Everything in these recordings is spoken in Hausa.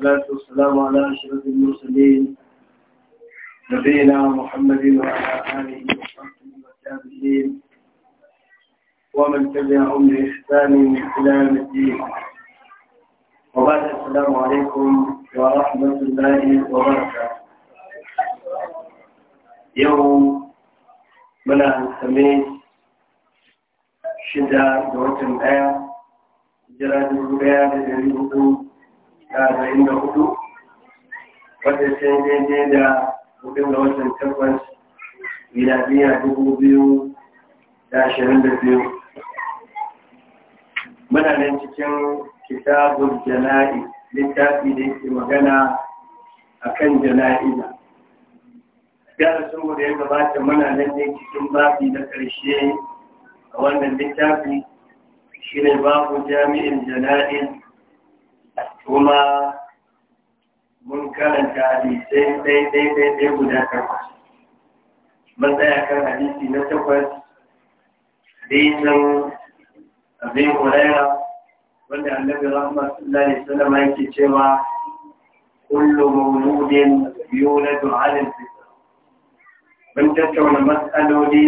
والصلاة والسلام على أشرف المرسلين نبينا محمد وعلى آله وصحبه والتابعين ومن تبعهم بإحسان إلى يوم الدين وبعد السلام عليكم ورحمة الله وبركاته يوم منع الخميس شدة دورة الآية جراد الربيع للهدوء arba'in da hudu wadda sai daidai da hudun ga watan takwas miladiya dubu biyu da ashirin da biyu muna nan cikin kitabun jana'i littafi da yake magana a kan jana'iza darasinmu da ya gabata muna nan ne cikin babi na ƙarshe a wannan littafi shi ne babu jami'in jana'iz kuma mun karanta hadisai ɗai ɗai ɗai ɗai guda takwas matsaya kan hadisi na takwas hadisin abin huraira wanda annabi rahmat sallallahu alaihi wasallam yake cewa kullu mawludin yuladu ala fitra mun tattauna matsaloli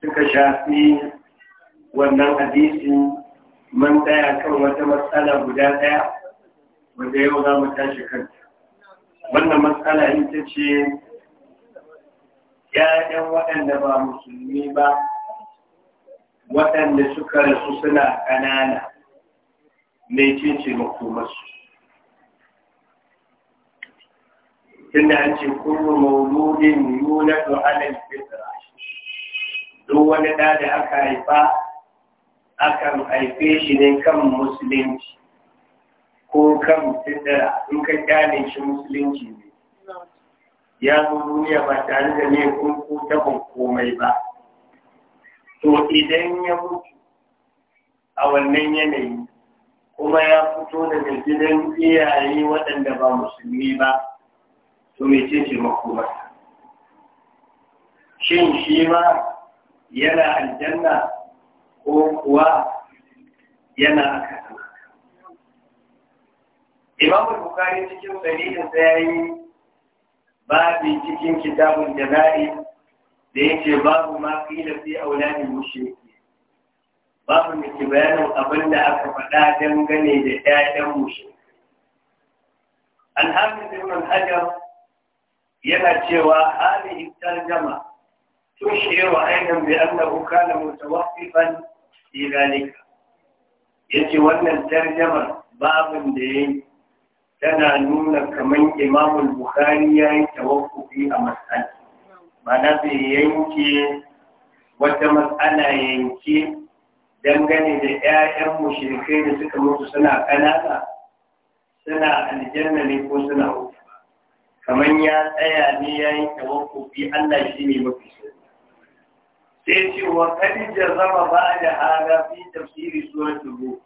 suka shafi wannan hadisi man tsaya kan wata matsala guda ɗaya wanda yau za mu tashi kanta wannan matsala ita ce ‘ya'yan waɗanda ba musulmi ba waɗanda suka rasu suna ƙanana ce ce makomarsu tunda an ce kuma kullu mauludin yunatu ala fitra don wani ɗa da aka haifa akan haife shi ne kan musulunci ko kan fitira in ka gane shi musulunci ne ya zo duniya ba tare da ne kun ko taɓa komai ba to idan ya mutu a wannan yanayi kuma ya fito daga gidan iyaye waɗanda ba musulmi ba to mece ce makomarsa shin shi ma yana aljanna ko kuwa yana aka Imam Bukhari cikin da ya yi babi cikin kitabun jana'i da ya yake babu ma qila fi auladil mushriki babu da ke bayanin abin da aka faɗa dangane da ƴaƴan mushrikai Alhamdu hafiz Ibn Hajar yana cewa hadhihi tarjama tushiru aidan da annahu kana mutawaqqifan fi zalika yace wannan tarjamar babin da yayi tana nuna kaman Imam Bukhari yi tawaffufi a mas'ala ma'ana bai yanke wata mas'ala yanke dangane da 'ya'yan mushrikai da suka mutu suna kanaka suna aljanna ne ko suna wuta kamar ya tsaya ne yi tawaffufi Allah shine mafi sauki sai ce wa kadi jazama ba da hada fi tafsiri suratul ruh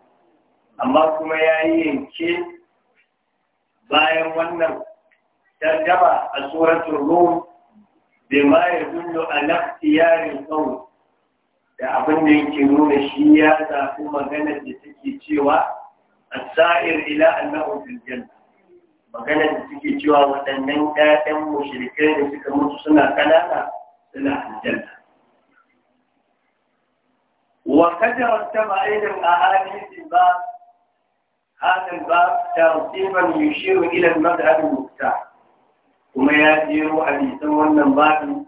amma kuma yayi yanke bayan wannan tarjama a suratul ya bima a ala yarin tsawon, da abin da yake nuna shi ya zafi magana da take cewa a sair ila annahu fil magana da take cewa waɗannan ƴaƴan mushrikai da suka mutu suna kanana suna aljanna وقد رتب أيضا الأحاديث الباب هذا الباب ترتيبا يشير إلى المذهب المفتاح وما يدير حديثا وأن باب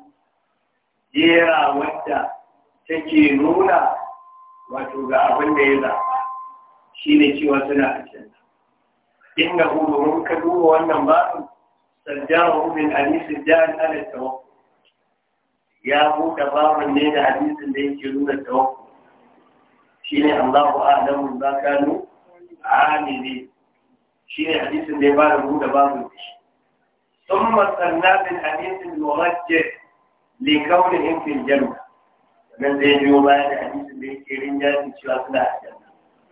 جيرا ودى تجيرونا وتوقع أبن بيضا شيني شوى سنة الجنة إنه مركب وأن باب سجاره من حديث الجان على التوقف ya buɗe babin ne da hadisin da yake nuna tawakkul shi ne Allahu Adamu za ka nu a hannu shi ne hadisun da ya ba da mu da ba mu yi. Sun matsanna bin hadisun lorajje le kawunin yin fil jannu. Nan zai biyo bayan da hadisun da yake rin jani suna a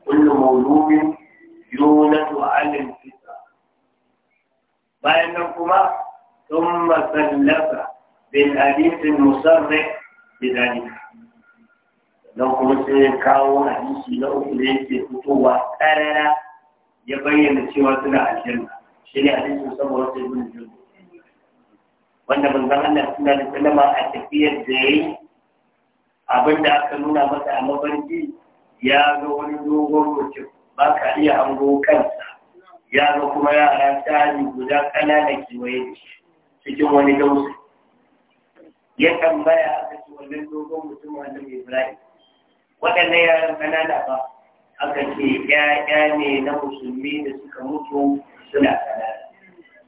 Kullum maulumin yunatu a fisa. Bayan nan kuma sun matsanna bin hadisun musarrai da dalilin. don kuma sai ya kawo hadisi na uku da yake fitowa karara ya bayyana cewa suna aljanna shi ne hadisin saboda sai ibn jurayj wanda ban manzon Allah suna da sallama a tafiyar da yayi abin da aka nuna masa a mafarki ya zo wani dogon mutum ba ka iya hango kansa ya zo kuma yara tari guda ƙanana kewaye da shi cikin wani dausa ya tambaya aka ce wannan dogon mutum wanda mai ibrahim waɗannan yaran ƙanana ba aka ce ya ne na musulmi da suka mutu suna ƙanana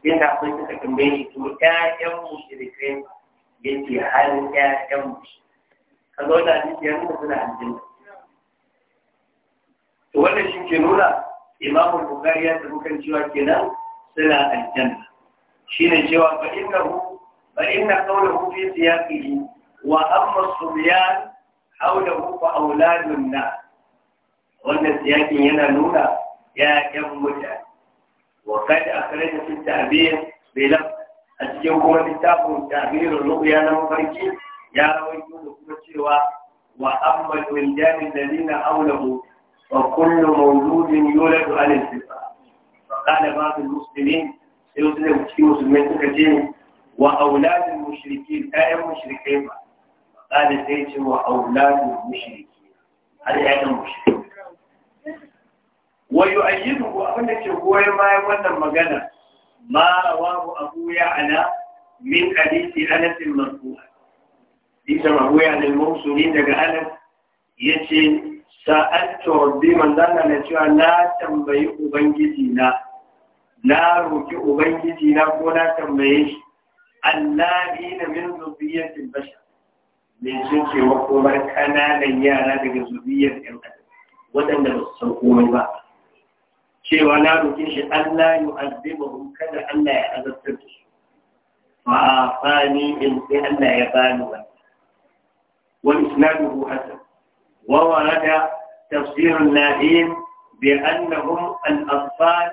sai na kun suka tambaye shi to ‘ya'yan musulmi ya ce har ‘ya'yan mushrikai kaga wannan hadisi ya nuna suna aljanna to wannan shi ke nuna imamu bukari ya tafi kan cewa kenan suna aljanna shine cewa fa innahu fa inna qawluhu fi siyaqihi wa amma as-subyan حوله فأولاد الناس وأن السياق هنا نورا يا كم متعب وقد أخرج في التعبير بلفظ أتيكم الكتاب تعبير اللغة أنا فرجي يا كل كما وأما الولدان الذين حوله وكل مولود يولد على الفطرة فقال بعض المسلمين يسلم في مسلمين كثير وأولاد المشركين آية مشركين ɗalin zai ce wa aulatu mushriki har yayin mushriki wa yu'ayyidu ko abin da ke goyon bayan wannan magana ma rawahu abu ya'ala min hadisi anas bin marfu'a Isa Abu Ya'la al-Mursuli daga Anas yace sa'atu rabbi man dalla na cewa na tambayi ubangiji na na roki ubangiji na ko na tambaye shi Allah ina min zubiyatin bashar mai cince makomar kananan yara daga zuriyar ɗan adam waɗanda ba su san komai ba cewa na roƙe shi Allah ya azziba hu kada Allah ya azabtar da su fa afani in sai Allah ya bani wa wa isnaduhu hasan wa warada tafsir an-nadim bi annahum al-atfal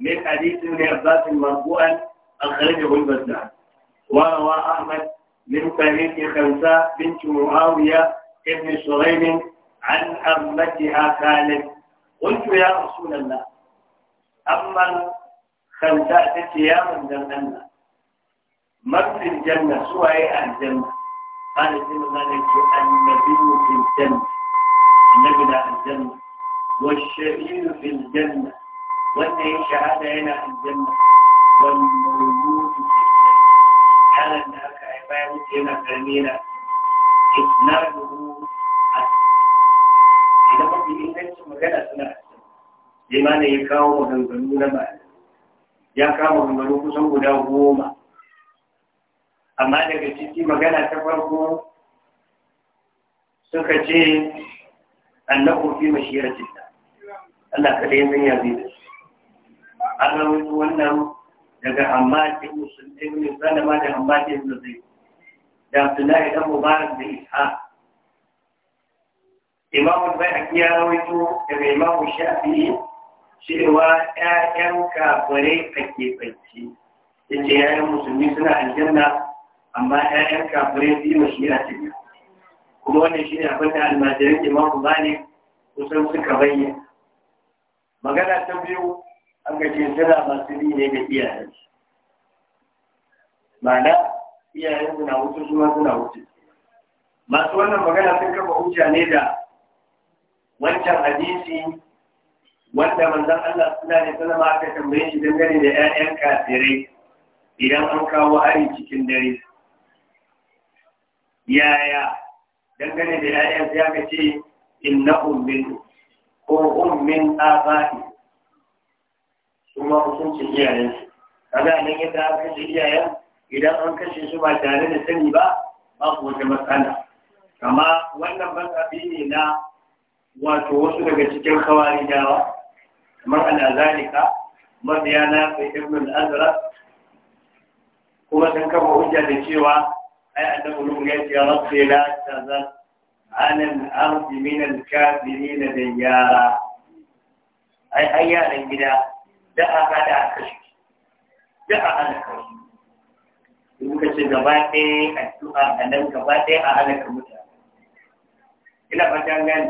min hadith ibn Abbas marfu'an akhrajahu al-Bazzar wa rawa Ahmad من طريق خوزاء بنت معاوية ابن سليم عن أمتها خالد قلت يا رسول الله أما خمسة تتيا من جنة من في الجنة سوى إيه الجنة قال سيدنا مالك النبي في الجنة النبي لا الجنة والشهيد في الجنة والذي شهادة هنا الجنة والمولود في الجنة قال أنها haifa ya mutu yana karami yana isnaduhu idan mafi ingancin magana suna limana ya kawo maganganu na ma'ana ya kawo maganganu kusan guda goma amma daga ciki magana ta farko suka ce annabu fi mashiyarci Allah kada ya san zai da shi an rawaito wannan daga Hammad ibn Sulaiman ibn Salama da Hammad ibn Zaid da Abdullahi dan Mubarak da Ishaq Imam al ya rawaito daga Imam Shafi'i cewa ƴaƴan kafirai a kefanci yace ƴaƴan musulmi suna aljanna amma ƴaƴan kafirai su yi wa shi'a tafiya kuma wannan shi ne abin da almajirin Imam Bani kusan suka bayyana magana ta biyu an ga suna masu bi ne ga iyayensu ma'ana iyayen suna wuce su suna wuce masu wannan magana sun kafa hujja ne da wancan hadisi wanda manzon Allah suna ne ma aka tambaye shi dangane da 'ya'yan kafirai idan an kawo ari cikin dare yaya dangane da 'ya'yan sai aka ce innahum min ko um abai kuma hukuncin iyayen kaga nan yadda aka ce iyayen idan an kashe su ba tare da sani ba ba ku wata matsala amma wannan matsabi ne na wato wasu daga cikin kawari dawa kamar ana zalika mabiya na fi ibn al kuma sun kafa hujja da cewa ai annabi nuhu ya ce rabbi la tazal ala al-ardi min al-kafirin dayyara ai ai yaran gida da aka da aka shi da aka da kashi muka ce gaba ɗaya addu'a a nan gaba ɗaya a halaka mutane ina fata gani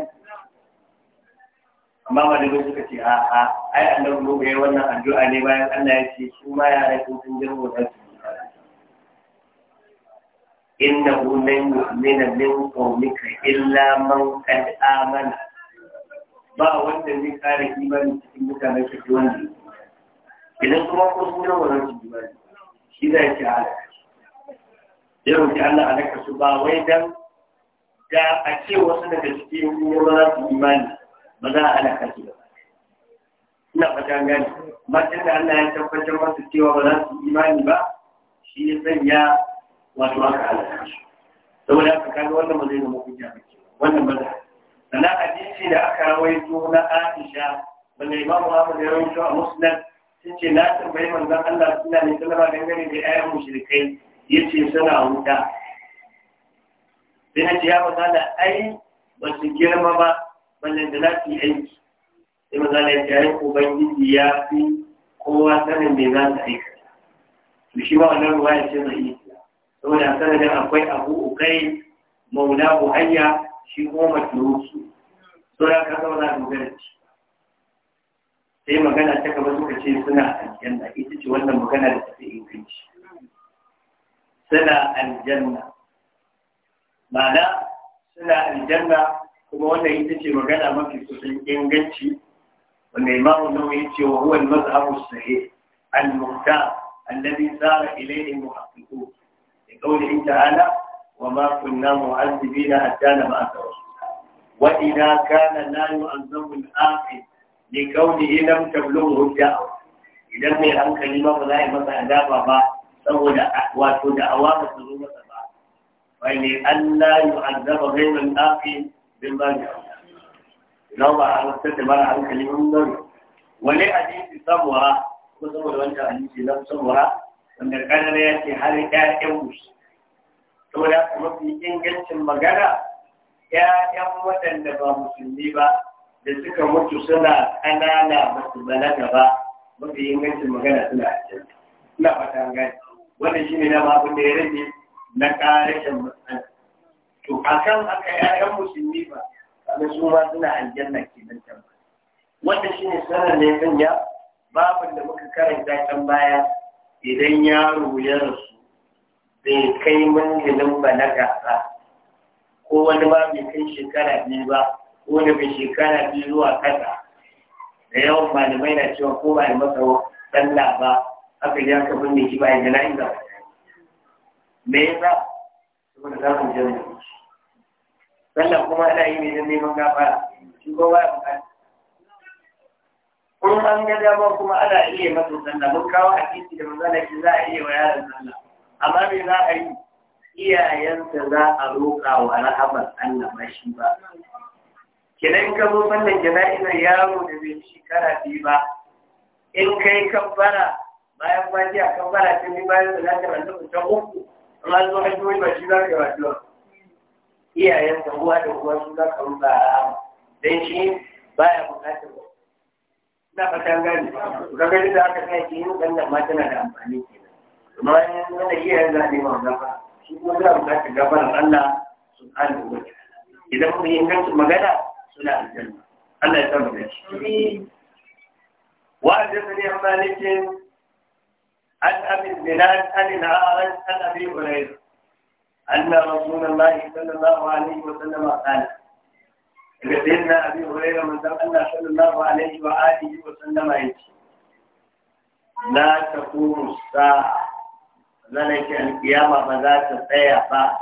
amma malamai suka ce a a ai annabi mu yayi wannan addu'a ne bayan Allah ya ce su ma yara sun sun jirgo da su innahu lan yu'mina min qawmika illa man qad amana ba wanda zai kare imani cikin mutanen shi wanda idan kuma kun jirgo da su imani shi zai ci halaka ya roƙi Allah a naka su ba wai dan da a ce wasu daga cikin ruwa ba za su imani ba za a naka su ba ina fata gani matan da Allah ya tabbatar masu cewa ba za su imani ba shi ya sanya wato aka halaka su saboda aka kano wannan ba zai zama hujja ba ke wannan ba za sannan hadisi da aka rawaito na Aisha wanda Imam Ahmad ya rawaito a Musnad sun ce na tambayi manzon Allah suna ne wasallam dangane da ayyan mushrikai yace suna wuta sai na ya maza da ai ba su girma ba wannan da za su yi aiki sai za da ya yi ai ubangiji ya fi kowa sanin mai za su aika to shi ba wannan ruwa ya ce zai saboda sanadin akwai abu ukai mauna, buhayya shi kuma matuluki sauran ka zauna dogara ci sai magana ta kama suka ce suna aljanna ita ce wannan magana da tafi inganci suna aljanna ma'ana suna aljanna kuma wannan ita ce magana mafi kusan inganci wanda imamu ya ce wa huwa al-mazhabu sahih al-muhtar alladhi sara ilayhi al-muhaqqiqun bi qawlihi ta'ala wa ma kunna mu'azzibina hatta nab'atha rasula wa idha kana la yu'azzabu al-akhir li qawlihi lam tablughu al-da'wa idan mai hankali ma ba za a yi masa adaba ba saboda wato da awa ba su zo masa ba wai ne Allah ya azaba gairin afi bin ba ya lau ba a rasar da mara hankali mun gani wani hadisi samuwa ko saboda wancan hadisi na samuwa wanda kanana ya ce har ƴaƴan musu saboda mafi ingancin magana ƴaƴan waɗanda ba musulmi ba da suka mutu suna ƙanana ba su balaga ba mafi ingancin magana suna a cikin ina fata gani shi shine na babu da ya rage na ƙarashin matsala to akan haka ƴaƴan musulmi ba kaga su ma suna aljanna nan can shi shine sanar da ya sanya babin da muka karanta can baya idan yaro ya rasu bai kai manzilin ba na gasa ko wani ba bai kai shekara biyu ba ko da mai shekara biyu zuwa kasa da yawan malamai na cewa ko ba a masa sallah ba aka yi aka binne shi bayan jana'iza me yasa saboda za mu jira sannan kuma ana yi mai don neman gafara shi ko baya bukata Kuma an ga dama kuma ana iya masa sallah mun kawo hadisi da manzo shi za a iya wa yaron sallah amma me za a yi iyayensa za a roƙa wa rahabar Allah ba shi ba kenan ka zo sallan jana'izar yaro da bai shekara biyu ba in kai fara. bayan fatiha kan fara cikin bayan salatar da ta uku in an zo hajjoji ba shi za ka yi addu'a iyayen da uwa da uwa su za ka ruba dan shi ba ya baya bukatar na fata gani ga gani da aka kai ki yin dan ma tana da amfani kenan amma in wanda iyayen za ne ma gaba. shi kuma za mu kace gafaran Allah subhanahu wa ta'ala idan mun yi ingancin magana suna aljanna Allah ya samu da shi وحدثني عن مالك عن أبي الزناد عن الأعرج عن أبي هريرة أن رسول الله صلى الله عليه وسلم قال سيدنا أبي هريرة من أن صلى الله عليه وآله وسلم يجي لا تقوم الساعة ذلك القيامة فذات السيئة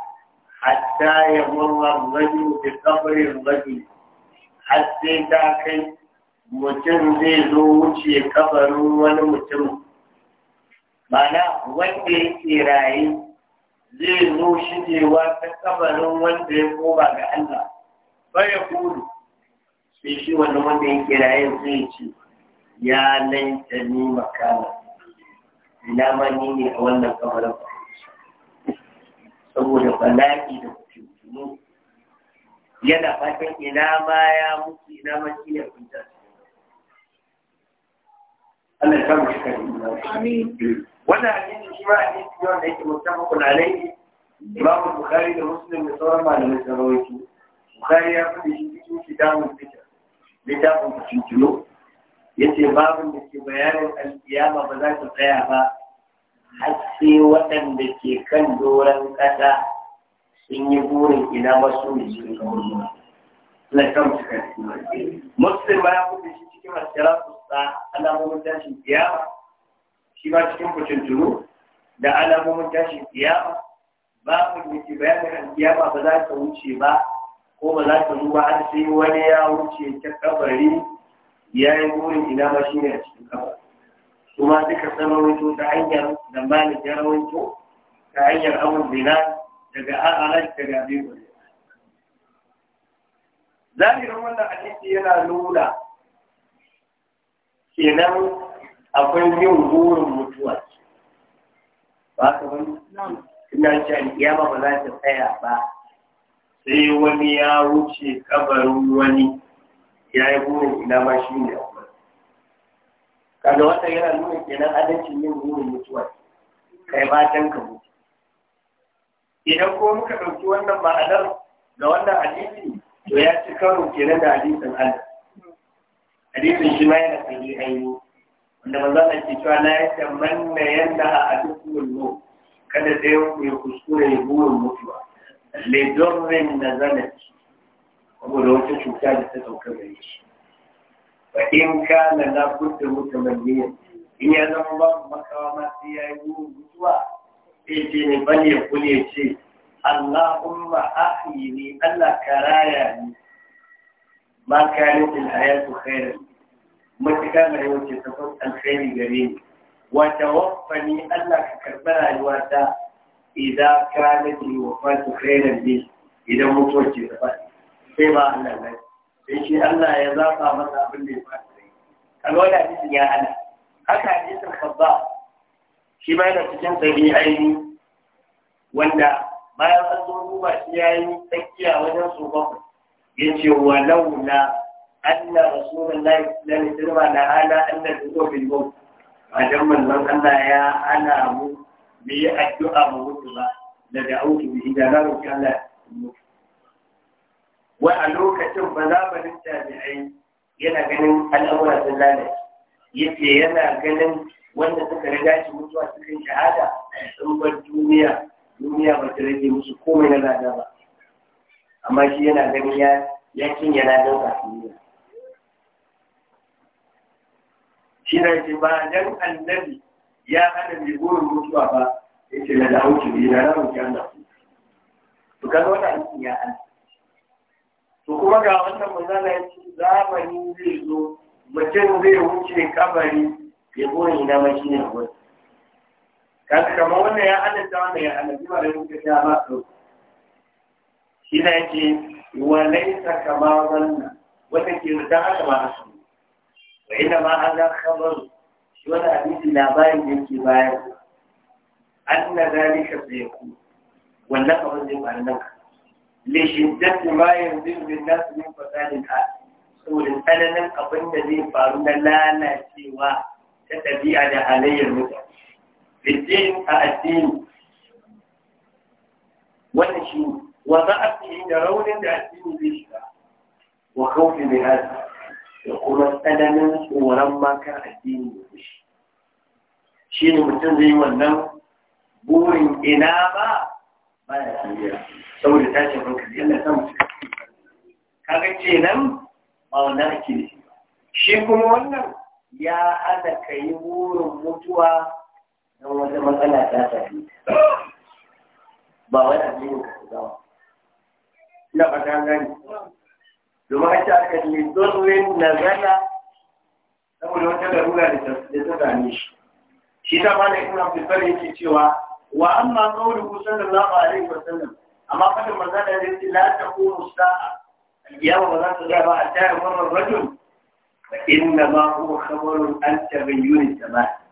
حتى يمر الرجل بقبر الرجل حتى ذاك mutum zai zo wuce kabarin wani mutum mana wanda ke raye zai zo shigewa ta kabarin wanda ya koma ga Allah ba ya kudu sai shi wannan wanda ke raye zai ce ya laita ni makana ina ma ni ne a wannan kabarin saboda bala'i da kuke yana fatan ina ma ya mutu ina ma shi ne Allah ya samu shi kan wannan hadisi shi ma hadisi ne wanda yake musamman alaihi Imam Bukhari da Muslim da sauran malamai sun rawaito Bukhari ya fi shi cikin kitabun fitar littafin fitintino yace babu da ke bayanin alkiyama ba za ta tsaya ba har sai waɗanda ke kan doron ƙasa sun yi burin ina masu ne cikin kawai na kan cikin muslim ma ya kuɗe shi cikin asira kusa alamomin tashin kiyama shi ma cikin kucin da alamomin tashin kiyama babu da ke bayanin alkiyama ba za ta wuce ba ko ba za ta zuba har sai wani ya wuce ta kabari ya yi burin ina ma shi ne a cikin kabari kuma duka sanarwato ta hanyar da malik ya rawaito ta hanyar abun zina daga a'arar daga biyu zahirin wannan hadisi yana nuna kenan akwai yin burin mutuwa ba ka wani ina ce iya ba za ta tsaya ba sai wani ya wuce kabarin wani ya yi burin ina ma shi ne kaga wata yana nuna kenan adalcin yin burin mutuwa kai ba can ka mutu idan ko muka ɗauki wannan ma'anar ga wannan hadisi to ya ci karo kenan da hadisin Allah hadisin shi ma yana sahihi aini wanda manzo Allah ke cewa yadda yatamanna yanda a dukkan mu kada da yau ya kuskure ya burin mutuwa le dorrin na kuma da wata cuta da ta sauka gare shi fa in kana na kudda mutamanniyan in ya zama babu makawa ma sai ya yi burin mutuwa sai ce ne bane kule ce Allahumma ahyini Allah ka raya ni ma kana til hayatu khairan matuƙa mai wuce ta alkhairi gare ni wa tawaffani Allah ka karɓi rayuwata idan kana til wafatu khairan bi idan mutuwa ce ta faɗi sai ba Allah ne sai shi Allah ya zaɓa masa abin da ya faɗi kaga wannan hadisin ya hana haka hadisin babba shi ma yana cikin sahihaini wanda bayan an zo duba shi ya yi tsakiya wajen su ya ce wa laula anna rasulullahi sallallahu alaihi wasallam da ana anna dubo bil maut wajen manzon Allah ya ana mu mu yi addu'a mu mutu ba da da'utu bi da na roki Allah wa a lokacin ba za ba jami'ai yana ganin al'amura sun lalace yace yana ganin wanda suka riga shi mutuwa cikin shahada a bar duniya duniya ba ta rage musu komai na lada ba amma shi yana ganin ya ya yana don sa duniya shi na yake ba dan annabi ya hada mai burin mutuwa ba ya ce na da auki ne na ramu ki Allah to kaga wannan aikin ya an to kuma ga wannan manzala ya ce zamani zai zo mutum zai wuce kabari ya goyi na mashi ne a wasu kaga kamar wannan ya halatta wannan ya halatta ba da muke sha ba to shi ne yake wa laysa kama wannan wata ke da haka ba a haka wa inna ma hada khabar shi wannan hadisi labarin da yake bayar An na anna zalika sayakun wannan kamar zai faru nan li shiddati ma yanzu bin nas min fasadin al saboda tsananin abin da zai faru na lalacewa ta ɗabi'a da halayyar mutane biddin a addini wannan shi wa za a وخوف da raunin da addini zai shiga wa kawfi mai hada da kuma tsananin tsoron makar addini da shi shi mutum zai yi wannan burin ina ba kaga kenan ake shi kuma wannan ya hada ka yi burin mutuwa don wata matsala ta sami ba wani abu ne ka gawa ina fata gani domin ake aka ne na nazara saboda wata larura da ta same shi shi ta ba da ina fitar yake cewa wa amma qawluhu sallallahu alaihi wa sallam amma fadin manzon da yake la taqumu sa'a al ba za ta ga ba a tayar wannan rajul inna ma huwa khabarun an tabayyun as-sama'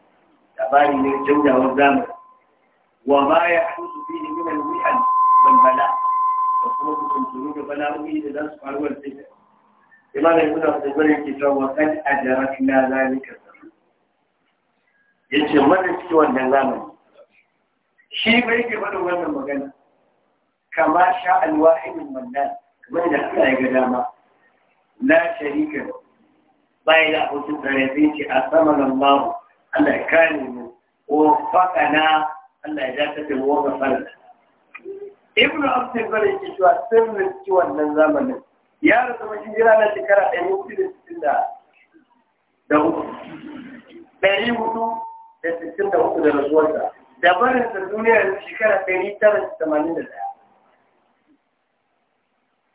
أباني الجودة والزامة وما يحدث فيه من الوئن والبلاء وخوف من جنوب بلاؤه إلى الله سبحانه وتعالى إمام يقول في الزمن الكتاب وقد أدركنا ذلك يجي من السوى النظام شيء ما يجي من وين المكان كما شاء الواحد من الناس من يدخل أي قدامة لا شريك له بايلا أوتو أثمن الله Allah ya kare mu ko fakana Allah ya ta mu ga fara. ibn abdul bari ke cewa sirrin ciwon nan zamanin ya rasu mai jira na shekara ɗari da sittin da da hudu da sittin da hudu da rasuwarsa da barin sa duniya shekara ɗari tara da tamanin da ɗaya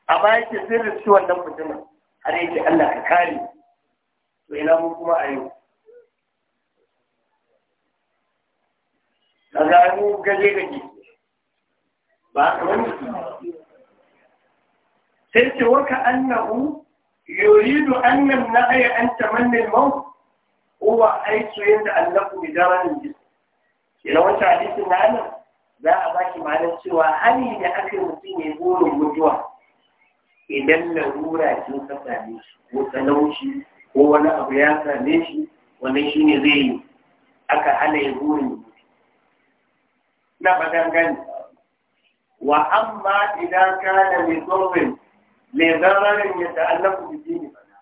a baya ke sirrin ciwon nan mutumin har yake Allah ka kare to ina mun kuma a yau a gano gaje gaje ba sai ce warka annahu yuridu Annam na aya an tamanna al-maut huwa aitu yanda annahu bidaran jis ina wancan hadisin na Allah za a baki ma'anar cewa hali da aka yi mutum ya burin mutuwa idan na larura ce ta same shi ko talauci ko wani abu ya same shi wannan shine zai yi aka hana ya burin na fadan gani wa amma idan kana mai zurrin mai zararin ya ku bi dini fada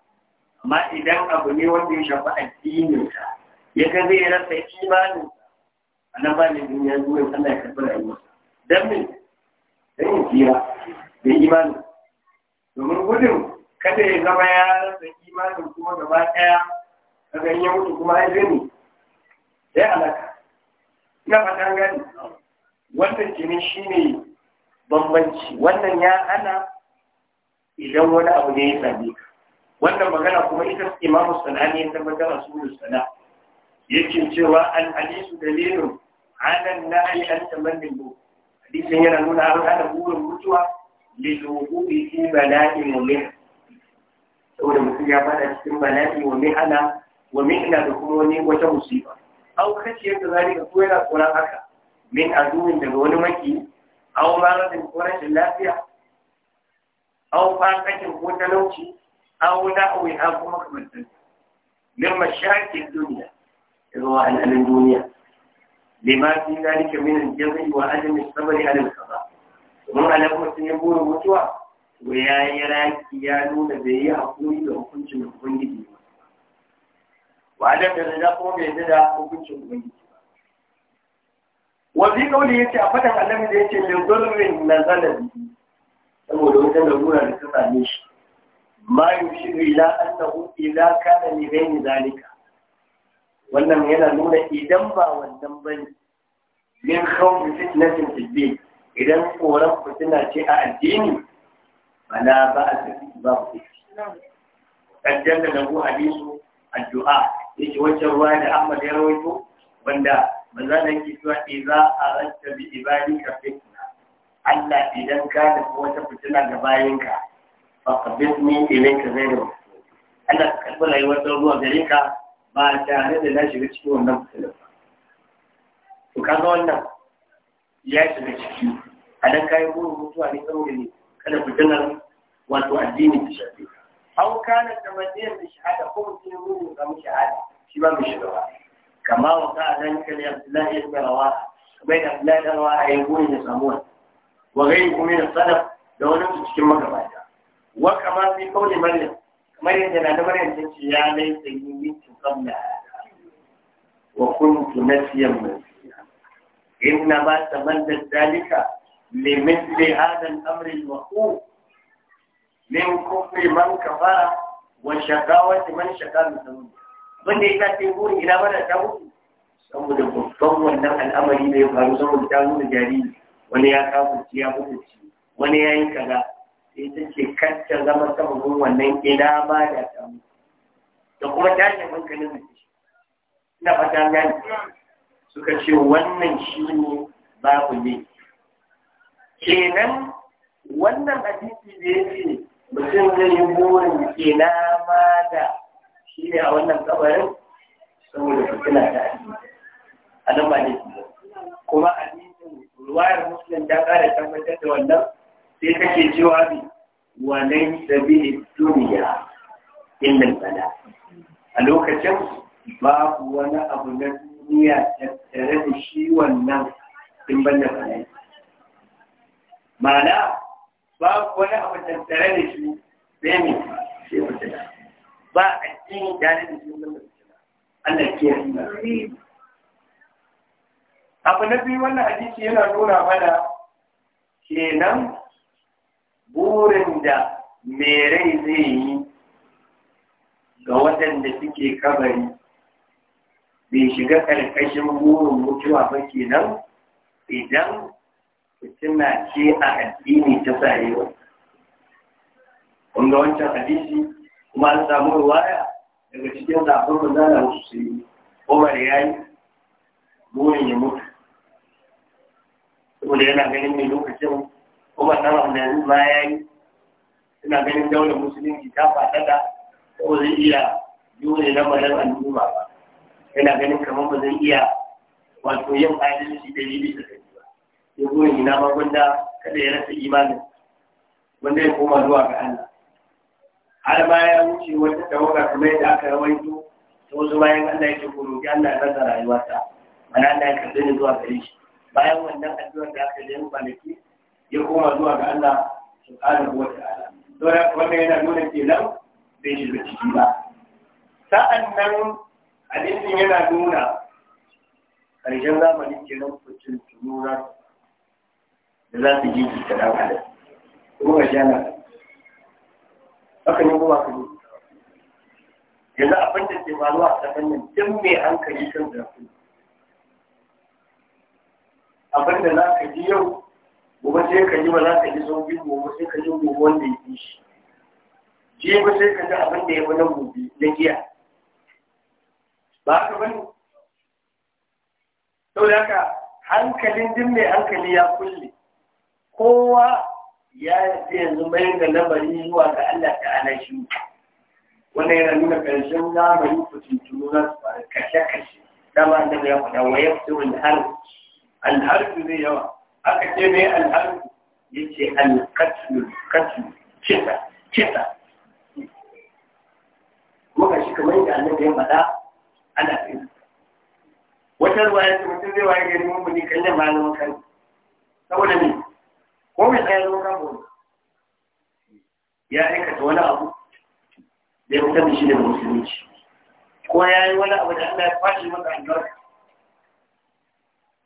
amma idan abu ne wanda ya shafi addinin ka ya ga zai rasa imanin annan ba ne duniya zuwa Allah ya karɓi rayuwarsa dan me dan jiya tsira da imanin domin gudun kada ya zama ya rasa imanin kuma gaba ɗaya kaga ya mutu kuma ya gani sai alaka ina fatan gani wannan shi shine bambanci wannan ya ana idan wani abu ne ya same ka wannan magana kuma ita imamu sanani ya tabbatar a su sana yake cewa an hadisu dalilun anan na ai an tamannin bu hadisin yana nuna an hana burin mutuwa lilubu'i fi bala'i wa min saboda mutum ya bada cikin bala'i wa ana wa ina da kuma wani wata musiba au kace yadda zalika ko yana tsoron haka min azumin daga wani maki aw maradin ko rashin lafiya aw fasakin ko talauci aw da'awi ha kuma kamantar min mashakin duniya daga wahalhalin duniya lima fi zalika min al-jazai wa adam as-sabri ala al-qada kuma alamu sun yi burin mutuwa to ya yi raki ya nuna bai yi hakuri da hukuncin ubangiji ba wa adam da da ko bai da hukuncin ubangiji wafi kauli yace a fatan annabi da yace min zulmin nazala saboda da gura da kasa ne shi ma yushiru ila annahu ila kana li bayni zalika wannan yana nuna idan ba wannan bane min khawfi fitnatin fil idan tsoron fitina ce a addini fala ba a tafi ba ku kaddar da lahu hadisu addu'a yake wancan ruwa da Ahmad ya rawaito wanda maza da ke cewa eh, za a rasta bi ibadi ka fitna Allah idan ka da wata fitina ga ka fa ka zai da Allah ka karbi rayuwar dan ruwa gare ka ba tare da na shiga cikin wannan fitina ba to kaga wannan ya shiga ciki a dan kai burin mutuwa ne saboda ne kada fitinar wato addini ta shafe ka aw kana tamanniyan bi shahada ko mutum mu ga mu shahada shi ba mu shiga ba كما وقع ذلك لعبد الله بن رواحه بين عبد الله بن رواحه يقول يسامون وغيره من الصدق لو لم تشكي مكه وكما في قول مريم مريم جنا مريم تشي يا ليت يميت قبل وكنت نسيا منسيا انما تمدد ذلك لمثل هذا الامر المخوف من كفر من كفر وشقاوة من من بسببه wanda da ya sa sai ina mana ta mutu saboda babban wannan al'amari da ya faru saboda ta nuna jariri wani ya kafurci ya ci wani ya yi kaza sai ta ce kacce zama sababin wannan ina ba da ta da kuma tashin hankalin da ina fata gani suka ce wannan shi ne babu ne kenan wannan hadisi da ya ce mutum zai yi burin ina ma da shi ne a wannan kabarin saboda fitina ta addini a nan ba ne kuma addinin ruwayar muslim ta kare tabbatar da wannan sai kake cewa bi walai sabili duniya illa bala a lokacin babu wani abu na duniya tattare da shi wannan in banda bala ma'ana babu wani abu tattare da shi sai mai sai fitina ba addini da ne Allah ke yi abu na biyu wannan hadisi yana nuna mana kenan burin da merai zai yi ga waɗanda suke kabari bai shiga ƙarƙashin burin mutuwa ba kenan idan fitina ce a addini ta sayewa. Kun wancan hadisi kuma an samu ruwaya daga cikin zafin manzan da wasu su yi umar ya yi burin ya mutu saboda yana ganin mai lokacin umar na abdulaziz ma ya yi suna ganin daular musulunci ta faɗaɗa ko zai iya jure na malar al'umma ba yana ganin kamar ba zai iya wato yin shi da yi bisa kai ba ya burin ina ma gwanda kada ya rasa imanin wanda ya koma zuwa ga Allah har ma ya wuce wata tawaga kamar yadda aka rawaito ta wasu bayan Allah yake ko roƙi Allah ya rasa rayuwarsa mana Allah ya karɓe ni zuwa gare shi bayan wannan addu'ar da aka yi kwanaki ya koma zuwa ga Allah subhanahu wa ta'ala to ya kuma yana nuna kenan bai shiga ciki ba sa'an nan hadisin yana nuna ƙarshen zamani kenan kucin tunura da za su ji ta dawo adam kuma ga shi haka ne kuma ka yanzu abin da ke faruwa a tsakanin nan duk mai hankali kan zafi abin da za ka ji yau gobe sai ka ji ba za ka ji sau biyu gobe sai ka ji gobe wanda ya ji shi jiya ba sai ka ji abin da ya fi gobe na giya ba haka ba ne saboda haka hankalin duk mai hankali ya kulle kowa ya ce yanzu mai da lamari zuwa ga Allah ta'ala shi wannan yana nuna ƙarshen zamani kutuntunu na su kashe-kashe dama da ya faɗa wa ya fito alharbi alharbi zai yawa aka ce mai alharbi ya ce alkatlu katlu kisa kisa muka shi kamar yadda annabi ya faɗa ana fi wata ruwa ya ce mutum zai waye gari mun buni kallon malamin kan saboda ne ko mai tsaye ruwan ramu ya aikata wani abu da ya fitar shi da musulunci ko ya yi wani abu da Allah ya kwashe masa albarka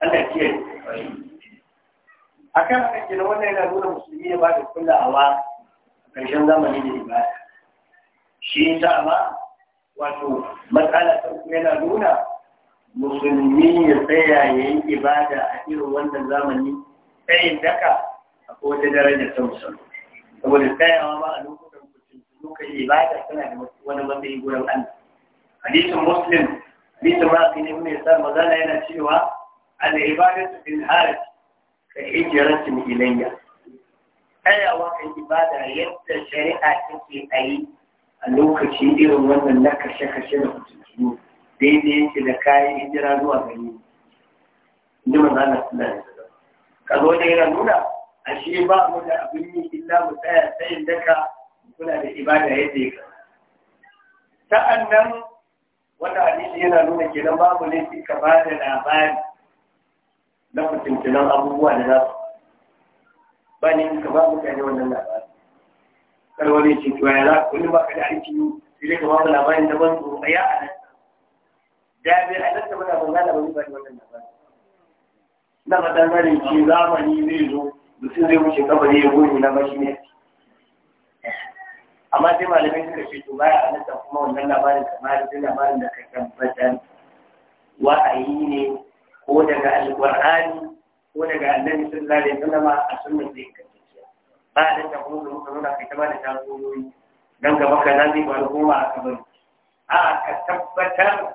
Allah ke a kan haka ke da wannan yana nuna musulmi ya ba da kullawa a ƙarshen zamani da ibada shi ya sa ma wato matsala ta yana nuna musulmi ya tsaya ya yi ibada a irin wannan zamani yin daka akwai wata daraja ta musamman saboda tsayawa ba a lokutan kusurtu kan ibada tana da wani matsayi gurin Allah hadisin muslim hadisin rafi ne ya sa magana yana cewa al ibadatu bil hajj ka hijratu ilayya tsayawa kan ibada yadda shari'a take a yi a lokaci irin wannan na kashe-kashe da kusurtu daidai yake da kayan hijira zuwa gari. Inda manzana suna da ka zo da yana nuna ashe ba mu da abin yi illa mu tsaya tsayin daka kula da ibada yadda ya sa'an nan wata hadisi yana nuna kenan babu laifi ka ba da labari na mutuntunan abubuwa da za su ba ne ka ba mutane wannan labari kar wani ce to ya za ku. ba ka da aiki sai dai ka ba mu labarin da ban tsoro ya a nan da a nan ta mana ban gana ba ni ba wannan labari na fatan zane shi zamani zai zo mutum zai wuce kabari ya goyi na mashi ne amma sai malamai suka ce to baya a nan kuma wannan labarin kamar da labarin da ka tabbatar wa'ayi ne ko daga alqur'ani ko daga annabi sallallahu alaihi wasallam a sunnar da yake ba a nan kuma da muka nuna kai ta ba da tagoyoyi dan gaba ka zai ba goma a kabari a ka tabbatar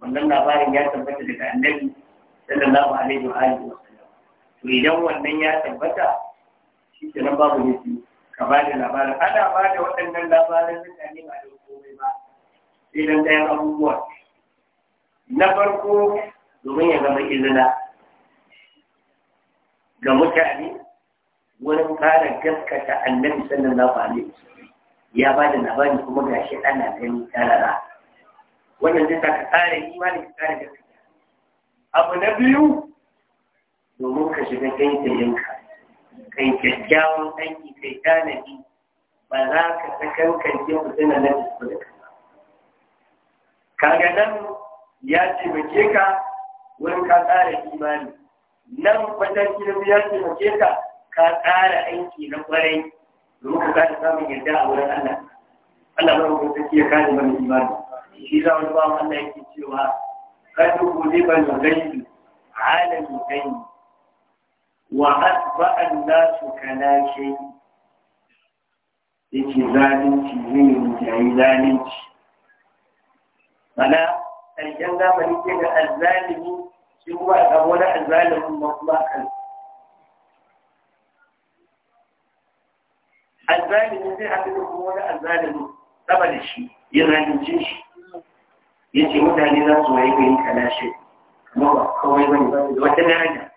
wannan labarin ya tabbata daga annabi sallallahu alaihi wa alihi wasallam to idan wannan ya tabbata shi ke nan babu nufi ka ba da labarin ana ba da waɗannan labarin mutane ba da komai ba sai dan ɗayan abubuwa na farko domin ya zama izina ga mutane wurin fara gaskata annabi sannan alaihi ya ba da labarin kuma gashi ana gani tarara wannan zai saka tsara imani ka tsara gaskata abu na biyu domin ka shiga taitayinka kai kyakkyawan aiki kai tanadi ba za ka ta sakankance fitina na jikinka kaga nan ya taimake ka wurin ka tsara imani nan wajen ilimi ya taimake ka ka tsara aiki na kwarai domin ka tsara samun yarda a wurin Allah Allah ba ku take ya kare mana imani shi za wani bawan Allah yake cewa kadu ku zai ban gaibi alam gaibi وأتبع الناس كلا شيء yake zalunci zai yayi zalunci mana ƙarshen zamani ke da azzalimi shi kuma a samu wani azzalimin ba kuma a kan azzalimi zai haɗu da kuma wani azzalimi sama da shi ya zalunce shi Yace mutane za su waye gari kana shi kuma ba kawai bane ba da wata daraja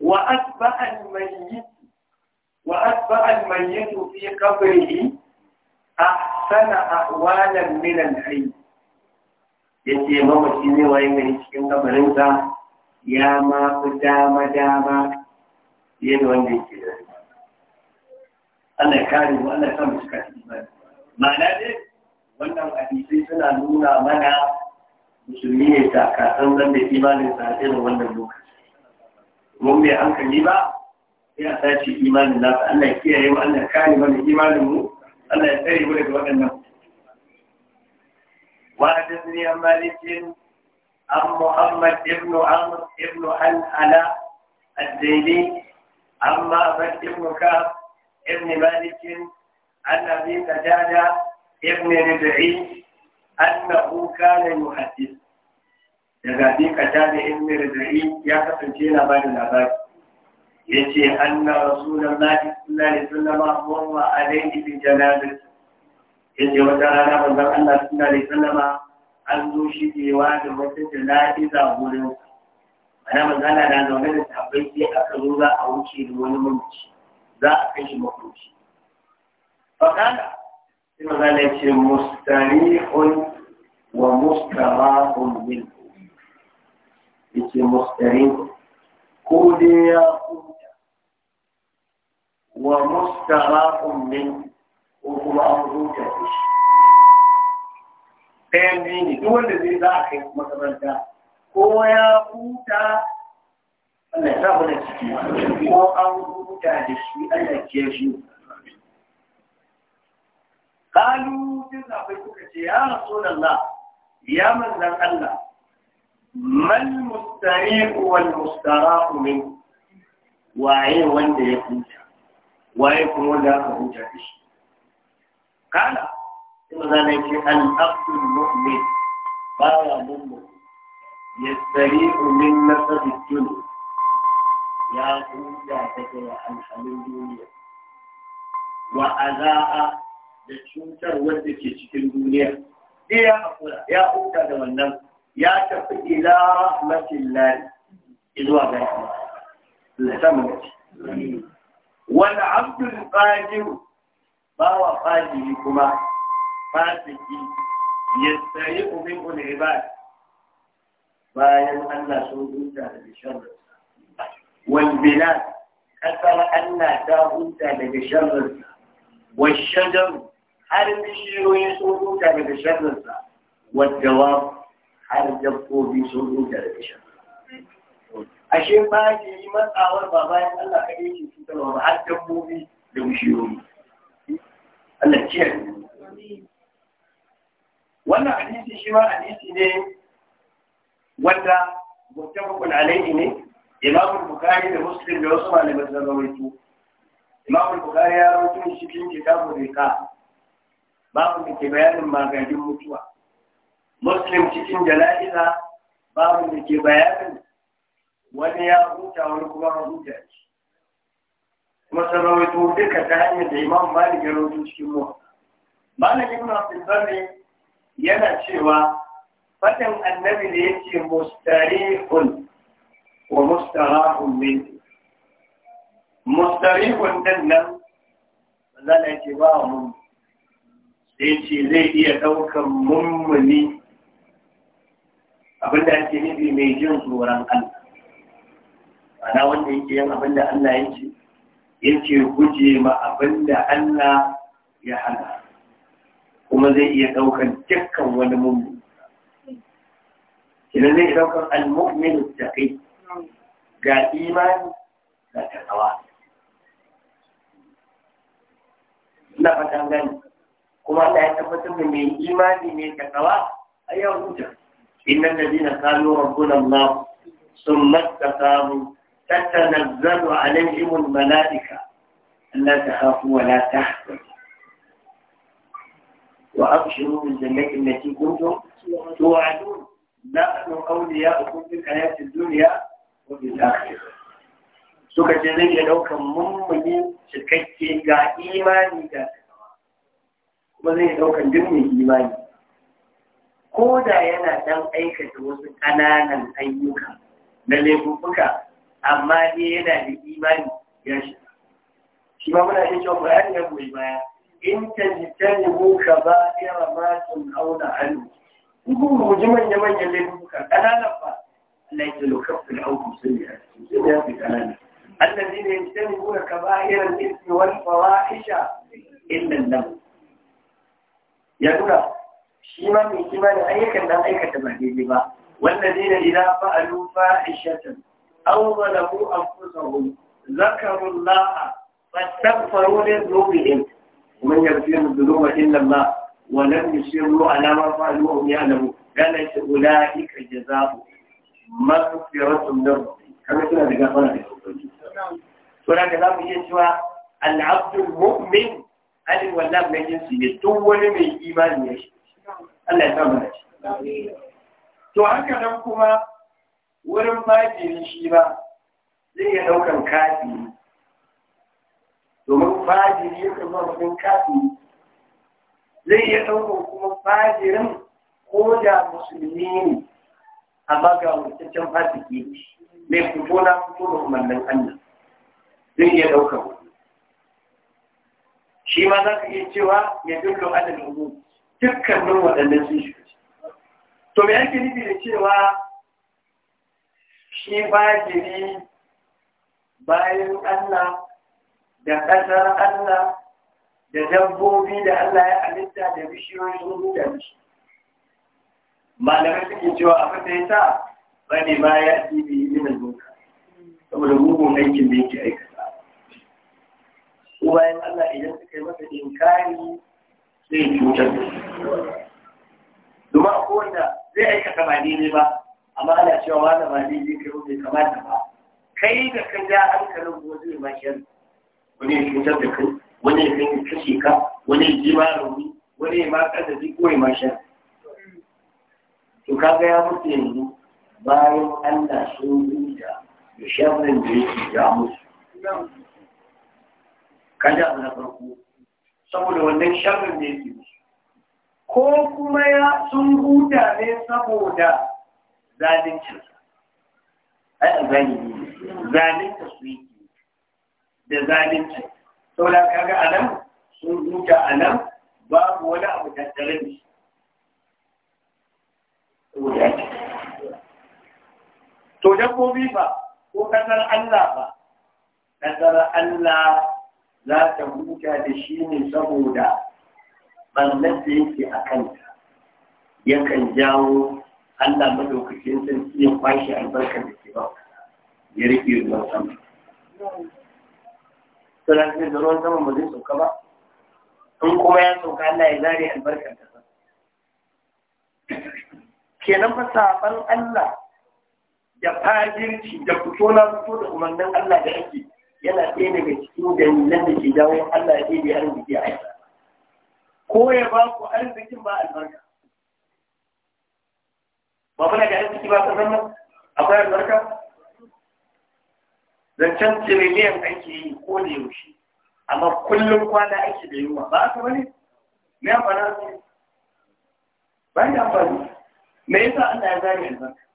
وأتبع الميت وأتبع الميت في قبره أحسن أحوالا من الحي yace mamaci zai waye gari cikin kabarinsa ya ma dama dama fiye da wanda yake da Allah kare mu Allah sa mu cika imani ma'ana wannan hadisi suna nuna mana musulmi ne ta kasan zan da imanin sa irin wannan lokaci mun bai hankali ba ina tashi imanin nasu Allah ya kiyaye mu Allah ya kare mana imanin mu Allah ya tsare mu daga waɗannan wa hadathani an malikin an muhammad ibn amr ibn al-ala ad-dayli an ma'bad ibn ka ibn malikin an abi qatada ibn rabi'i annahu kana yuhaddith daga fi kata da ilmi rizai ya kasance yana ba da labari da anna rasulullahi sallallahu alaihi wasallam wa alaihi bi Ya ce wata rana manzon Allah da suna ma an zo shigewa da wata a gudun ana manzana na zaune da tabbai sai aka zo za a wuce da wani mamaci za a kai shi makoci fakala sai manzana ya ce mustarihun wa on minhu yace mustarin ko dai ya huta wa mustara'un min ko kuma an huta da shi ɗayan biyu ne duk wanda zai za a kai makaranta ko ya huta Allah ya sa mana ciki ko an huta da shi Allah ke shi kalu da sabai suka ce ya rasulullah ya manzan Allah mal mustariqu wal mustaraqu waye wanda ya huta waye kuma wanda aka huta shi kana kuma zan yi al-abdul mu'min baya mummu yastariqu min nasabi ya huta daga alhalin duniya wa aza'a da cutar wanda ke cikin duniya sai ya huta da wannan يا إلى رحمة الله إذ وضع الثمرة والعبد القادر ما هو قادركما فاسك يستريح منه العباد ما ينهى الناس من والبلاد أثر أن داه أنت والشجر هل بشير يسوق أنت والدواب har dabbobi sun huta da shan ashe ba ke yi matsawar ba bayan Allah ka yake cutarwa ba har dabbobi da bishiyoyi Allah ce wannan hadisi shi ma hadisi ne wanda muttafaqun alaihi ne Imam Bukhari da Muslim da wasu malamai zama rawaito Imam Bukhari ya rawaito shi cikin kitabun Rika babu da ke bayanin magajin mutuwa muslim cikin jala'iza babu da ke bayanin wani ya huta wani kuma rubuta shi kuma sarrawaito duka ta hanyar da imam malik ya rubuta cikin mu malik ibn abdulbari yana cewa fatan annabi da yake mustarihun wa mustarahun min mustarihun din nan manzala yake ba mu. sai ce zai iya daukan mummuni abin da ake nufi mai jin tsoron Allah ana wanda yake yin abin da Allah ya ce yake guje ma abin da Allah ya hana kuma zai iya ɗaukan dukkan wani mummu kina zai ɗaukan al-mu'min taqi ga imani ta takawa ina fatan gani kuma Allah ya tabbatar da mai imani ta takawa a yau hujja إن الذين قالوا ربنا الله ثم استقاموا تتنزل عليهم الملائكة ألا تخافوا ولا تحزنوا وأبشروا بالجنة التي كنتم توعدون نحن أولياؤكم في الحياة الدنيا وفي الآخرة suka ce zai iya ɗaukan mummuni cikakke ga imani da kuma zai ɗaukan duk mai imani ko da yana ɗan aikata wasu ƙananan ayyuka na laifuka amma ne yana da imani ya shi shi ba muna yin cewa bayan ya goyi baya in ta jitani mu ka ba ira ma sun auna hannu in mu guji manya-manyan laifuka ƙananan ba Allah ya lokacin da auku sun yi a cikin ya fi ƙananan الذين يجتنبون wani fawa isha illan nan? Ya نورا shi ma mai kimanin ayyukan da aikata ba daidai ba wanda zai da ila fa’alu fa’ishatun an wala ku an kusa hu zakarun la’a ba ta faru ne zobe ɗin mun yi rufin zuru wa illan ma wannan mishin ruwa alama fa’alu wa mu yi alamu gane shi guda ika ya zaɓu masu firatun nan kama suna daga fara da kusurci. Tura ga za mu iya cewa al'abdul mu'min alin wannan mai jinsi ne tun wani mai imani ya shi. Allah ya samu dace to haka nan kuma wurin makirin shi ba zai iya ɗaukan kafi domin fajiri ya kuma mutum kafi zai iya ɗaukan kuma fajirin ko da musulmi ne amma ga wutaccen fasiki mai fito na fito da umarnin Allah zai iya ɗaukan shi ma za ka iya cewa ya dukkan adadin hudu dukkanin waɗannan sun shiga to me ake nufi da cewa shi ba bajiri bayan Allah da ƙasar Allah da dabbobi da Allah ya halitta da bishiyoyi sun da shi malamai suke cewa abin da ya sa bane ma ya yi ilimin doka saboda mugun aikin da yake aikata. Ubayen Allah idan suka yi masa inkari sai cutar da shi Duma ko wanda zai aikata ba ne ba amma ana cewa wanda ba daidai kai bai kamata ba kai da kan ja hankalin ko zai ma shi wani ya cutar da kai wani ya kai kashe ka wani ya ji ma rauni wani ya ma kada ji ko ya ma shi to kaga ya mutu yanzu bayan Allah sun huta da sharrin da yake ja musu kaji abu na farko saboda wannan sharrin da yake ko kuma ya sun huta ne saboda zalincinsa ai ne zalinta su yake da zalincin saboda kaga a nan sun huta a nan babu wani abu tattare da shi to dabbobi ba ko kasar Allah ba kasar Allah za ta huta da shi ne saboda ɓannar da yake a kanta yakan jawo Allah madaukakin sun iya kwashe albarkar da ke ba ya rike ruwan sama. Sura ce da ruwan sama ba zai sauka ba, in kuma ya sauka Allah ya zare albarkar da sa. Kenan fa saban Allah da fajirci da fito na fito da umarnin Allah da ake yana ɗaya daga cikin dalilan da ke jawo Allah ya ɗaya arziki a ƙasa. Ko ya ba ku arzikin ba albarka. Ba muna da arziki ba ƙasar nan? Akwai albarka? Zancen tiriliyan ake yi ko da yaushe. Amma kullum kwana ake da yunwa ba aka bane? Me amfani? Ba ni amfani. Me yasa Allah ya zari albarka?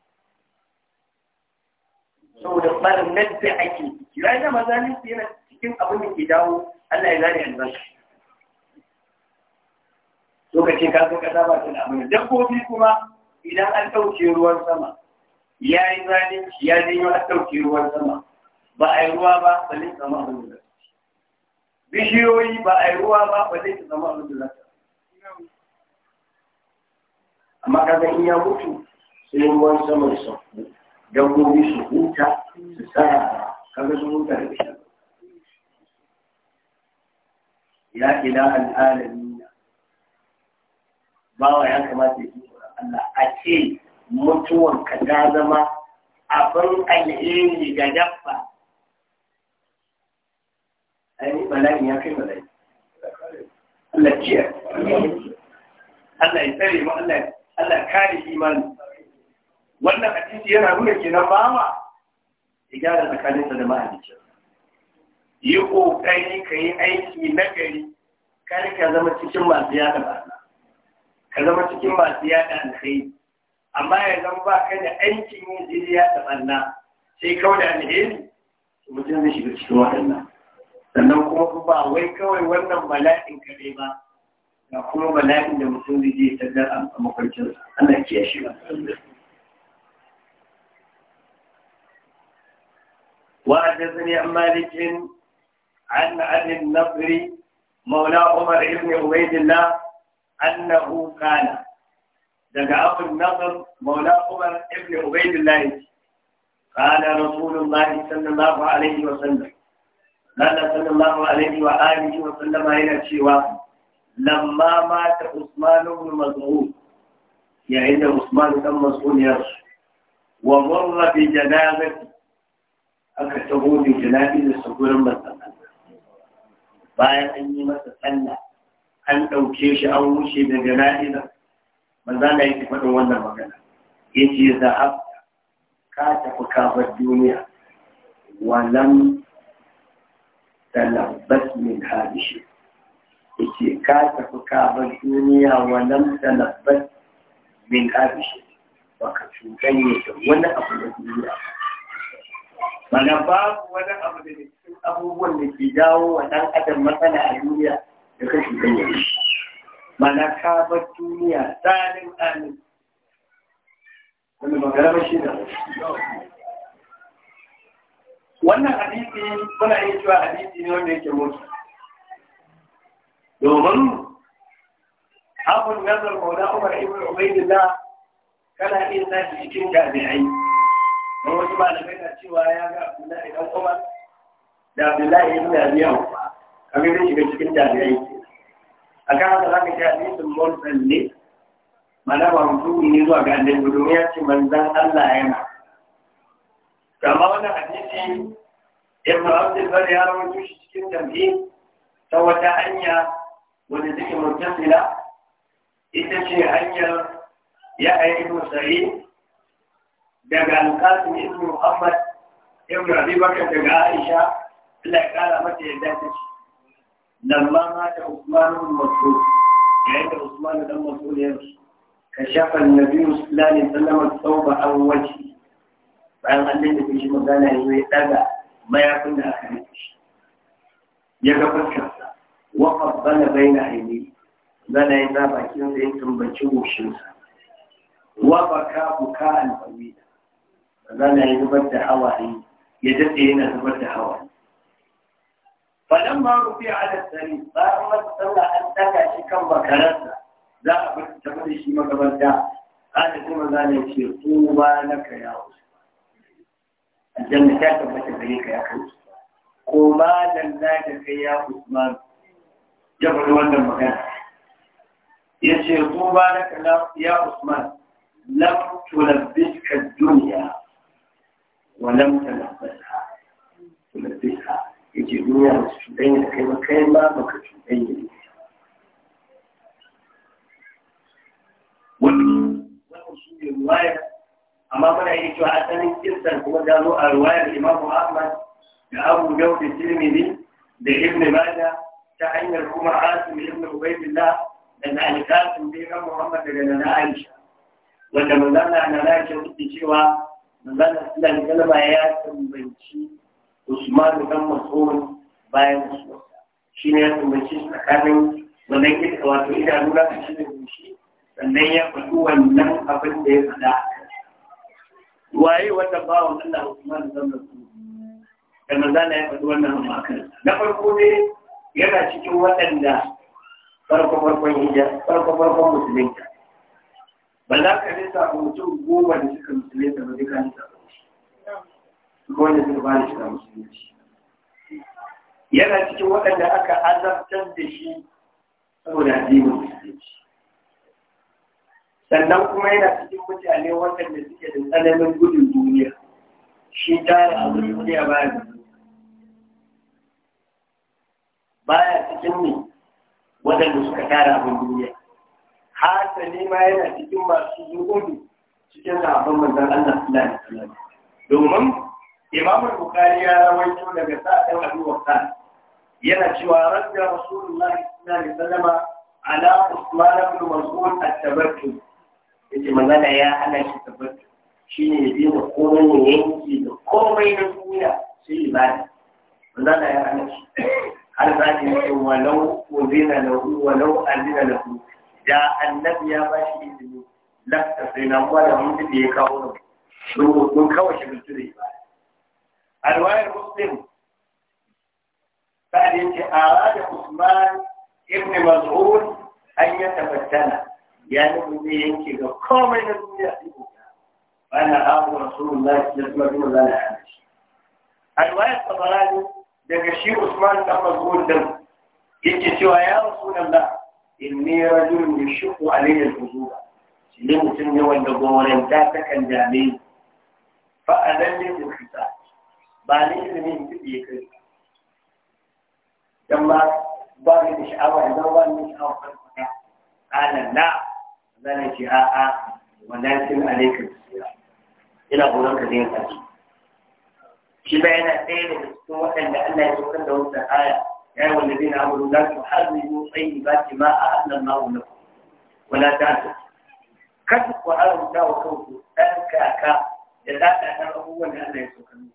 saboda nan da ake ya yi dama zalunci yana cikin abin da ke dawo Allah ya zane albashi lokacin kasan kasa ba su da abin dabbobi kuma idan an ɗauke ruwan sama ya yi zalunci ya janyo an ɗauke ruwan sama ba a yi ruwa ba ba zai zama abin da bishiyoyi ba a yi ruwa ba ba zai zama abin da amma kasan in ya mutu sai ruwan sama da sauƙi dabbobi su huta su tsaya kaga sun huta da shi ya ila al'alamin bawa ya kamata ya ji Allah a ce mutuwar ka ta zama abin alheri ga dabba ainihin bala'i ya kai bala'i Allah ciya Allah ya tsare mu Allah ya kare imani wannan hadisi yana nuna kenan bama ya gyara tsakaninsa da mahalicin yi ƙoƙari ka yi aiki na gari kar ka zama cikin masu yada ba ka zama cikin masu yada kai amma ya zama ba ka da aikin yin zai yada banna sai kawai da alheri mutum zai shiga cikin waɗannan sannan kuma ba wai kawai wannan ka kaɗai ba ga kuma mala'in da mutum zai je ta a mafarkinsa ana kiyashi ba وحدثني عن مالك عن ابي النضر مولى عمر بن عبيد الله انه كان دقى ابو النضر مولى عمر بن عبيد الله قال رسول الله صلى الله عليه وسلم قال صلى الله عليه واله وسلم الى شيواه لما مات عثمان بن مزعود يعني عثمان بن مسعود يرسل ومر بجنازته aka taho da jana'izar sa gurin manzon bayan an yi masa sallah an ɗauke shi an wuce da jana'iza maza na yake faɗin wannan magana Ya ce za a ka tafi kafar duniya walam talabbas min hadishi ce ka tafi kafar duniya walam talabbas min hadishi baka cuɗanye da wani abu da duniya Mana babu wani abu da cikin abubuwan da ke jawo wa ɗan adam matsala a duniya da kashi ɗaya. Mana ka bar duniya tsarin tsarin. Wani magana shi da Wannan hadisi muna yin cewa hadisi ne wanda yake mutu. Domin abun nazar Maula Umar Ibn Ubaidillah kana iya sa cikin jami'ai. don wasu malamai na cewa ya ga abdullahi dan kuma da abdullahi ibn abiyan kamar zai shiga cikin jami'ai a kan haka za ka ji hadisin mursan ne mana ba mutum ne zuwa ga annabi domin ya ce manzan Allah yana amma wannan hadisi ibn abdul bar ya rawaito shi cikin jami'i ta wata hanya wanda take murtasila ita ce hanyar ya ayi ibn daga alƙasim ibn Muhammad ibn Abi Bakar daga Aisha Allah ya kara mata yadda ta ce lamma mata Usman ibn Mas'ud yayin da Usman dan Mas'ud ya rasu kashafa annabi sallallahu alaihi wasallam tsauba an waje bayan an daina shi magana ya ya daga mayafin da aka rike shi ya ga fuskarsa wa qabbala baina ainihi zana ya sa bakin sa ya tumbaci goshinsa wa baka buka alfawida zana ya zubar da hawaye ya daɗe na zubar da hawaye. Falon ma a da tsari bayan wata sallah an daga shi kan bakararsa za a bar tafi da shi magabanta ana kuma zana ya ce ko ba na ya wasu. Aljanna ta tabbata gare ka ya kai. Ko ma danna kai ya Usman ya faɗi magana. Ya ce ko ba na ya Usman lam tulabbika duniya wanda mu tana kuma bisa yake duniya ba su cuɗe ne kai ba kai ba ba ka cuɗe ne wannan shi ne ruwaya amma muna yi cewa asalin kirtan kuma ta zo a ruwayar imamu ahmad da abu yau da ibn majah ta hanyar kuma asim ibn ubaydillah da na alikasim bai muhammad daga na aisha wanda mun na na yake cewa manzan islam galaba ya tambanci usman dan mas'ud bayan rasuwarsa shi ne ya tambanci tsakanin wannan kika wato idanu na kashi da gushi sannan ya faɗi wannan abin da ya faɗa waye wata bawan Allah usman dan mas'ud da manzan ya faɗi wannan makar na farko ne yana cikin waɗanda farko farkon hijira farko farkon musulunta ba za ka nisa a mutum goma da suka musulunta ba duka ni nisa ba shi wanda suka ba da shiga musulunci yana cikin waɗanda aka azabtar da shi saboda addinin musulunci sannan kuma yana cikin mutane waɗanda suke da tsananin gudun duniya shi tara a gudun duniya baya da baya cikin ne waɗanda suka tara abin duniya hasali ma yana cikin masu zuhudu cikin sahabban manzon Allah sallallahu alaihi wasallam domin Imam Bukhari ya rawaito daga sa'ad Abu Waqqas yana cewa radda Rasulullahi sallallahu alaihi wasallam ala Usman ibn Mas'ud at-tabattu yace manzon ya hana shi tabattu shine ya bi komai yanki da komai na duniya sai ibada manzon ya hana shi har zaki ce walau wazina lahu walau azina lahu da annabi ya ba shi izini lafta sai na kuwa da mutu da ya kawo nan don kawai shi mutu da ibada alwayar muslim sa'ad yace arada usman ibn mas'ud an ya tabattana ya nufi zai yanke ga komai na duniya ana abu rasulullah sallallahu alaihi wasallam alwayar tabarani daga shi usman ibn mas'ud din yake cewa ya rasulullah inni rajulun yashqu alayya al-huzura shi mutum ne wanda goren ta kan dame fa adan ne da ba ne ne kudi ya kai dan ba ba ne da sha'awa idan ba ne sha'awa kan kuɗa ala na zan ce a a walakin alayka bisira ina goren ka zai kaci shi ba yana ɗaya daga cikin waɗanda Allah ya saukar da wata aya يا أيها الذين آمنوا لا تحرموا طيبات ما أهل الله لكم ولا تعتدوا كتب وأرم دا وكوكو أنكاكا إذا أنا هو أن أنا يسكن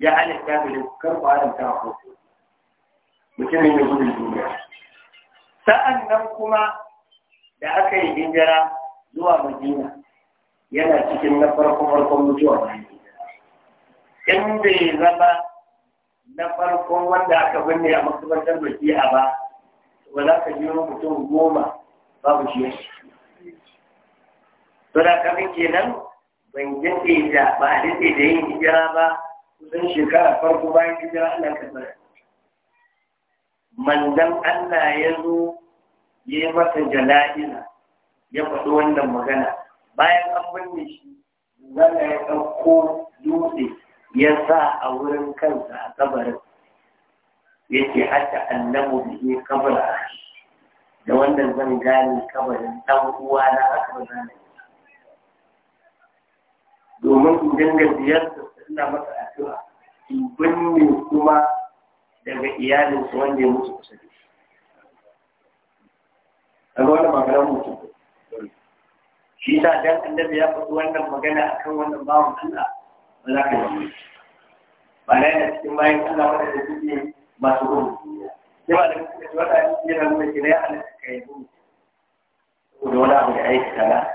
يا أهل الكتاب كتب وأرم دا وكوكو mutumin da gudun duniya sa'an nan kuma da aka yi hijira zuwa madina yana cikin na farko farkon mutuwa bayan hijira in bai zama na farko wanda aka binne a makarantar baki'a ba ba za ka jiro mutum goma babu shi to da kamin kenan ban jinde da ba a dace da yin hijira ba kusan shekara farko bayan hijira Allah kasar mandan Allah ya zo ya yi masa jala'ina ya faɗo wannan magana bayan an binne shi zan ya ɗauko dutse ya sa a wurin kansa a kabarin ya ce hata annabu bihi kabara da wannan zan gane kabarin ɗan uwa na aka zane domin in dinga ziyarta ina masa addu'a in binne kuma daga iyalinsu wanda ya mutu kusa da shi a ga wannan maganar shi sa dan annabi ya faɗi wannan magana akan wannan bawan Allah ba za ka yi wani ba na yana cikin bayan Allah wanda da suke masu rubu sai ba da suka ci wata ciki yana nuna shi na ya halatta ka yi rubu saboda wani abu da aiki kaza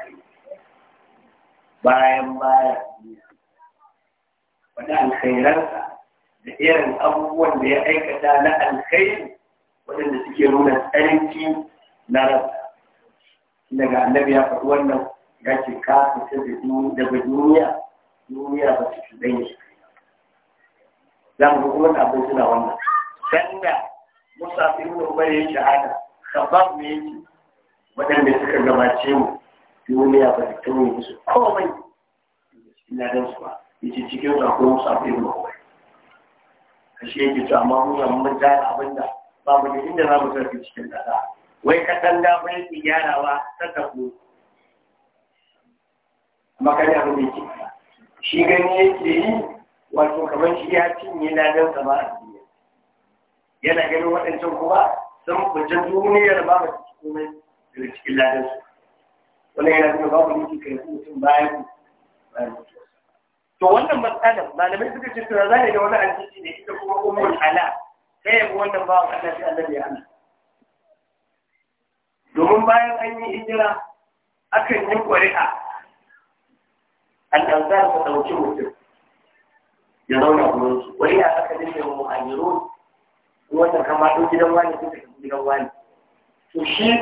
bayan bayan wani alkhairansa da irin abubuwan da ya aikata na alkhairi waɗanda suke nuna tsarki na rasa daga annabi ya faɗi wannan ya ce ka fita da duniya duniya ba su cuɗanya su za mu kuma wani abin suna wannan dan da musafir ne umar ya shahada sabab ne yake waɗanda suka gabace mu duniya ba ta tauye musu komai ina dan su ba yace cikin su akwai musafir ne umar shi yake to amma mu zama mun abin abinda ba mu da inda za mu tafi cikin ƙasa wai da bai ki gyarawa ta tafi amma kai abin da yake shi gani yake yi wato kamar shi ya cinye nan sama a duniya yana ganin waɗancan kuma sun fice duniyar ba ba su komai daga cikin ladan su wani yana nuna babu nufi karfi mutum bayan su to wannan matsalar malamai suka ce suna zane da wani aljihi ne ita kuma umar ala sai ya wannan bawan Allah sai Allah ya hana domin bayan an yi hijira akan yi ƙuri'a al'ansar su ɗauki mutum ya zauna gurinsu wani ya saka dinne muhajirun wanda kama ɗau gidan wani suka tafi gidan wani to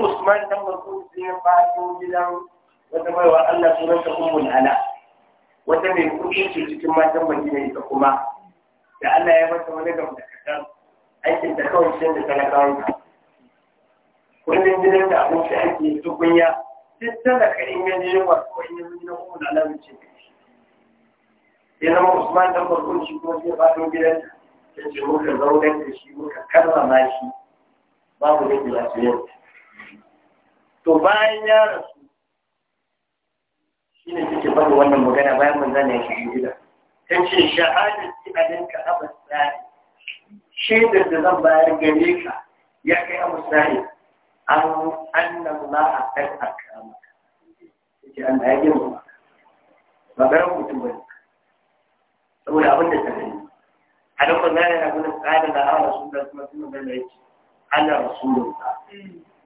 usman dan barkun sai ya gidan wata baiwa Allah sunanta ummul ala wata mai kuɗi ce cikin matan madina ita kuma da Allah ya mata da da gidan da tukunya duk talaka in yanzu yin wasu wani yanzu na kuma alamun ce da shi ya ma usman dan barkun shi kuma zai fadin gidan ta ce muka zaunar da shi muka karrama shi babu da gila su yau to bayan ya rasu shi ne suke faɗi wannan magana bayan manzan ya shigo gida ta ce shahadati alinka abas tsari shaidar da zan bayar gare ka ya kai abas tsari an annan ma a kan akrama yake an ya girma ba ga mutum ba saboda abin da ta gani a dukkan nan yana gudun tsarin da hawa sun da kuma sun da yake ana rasulun ba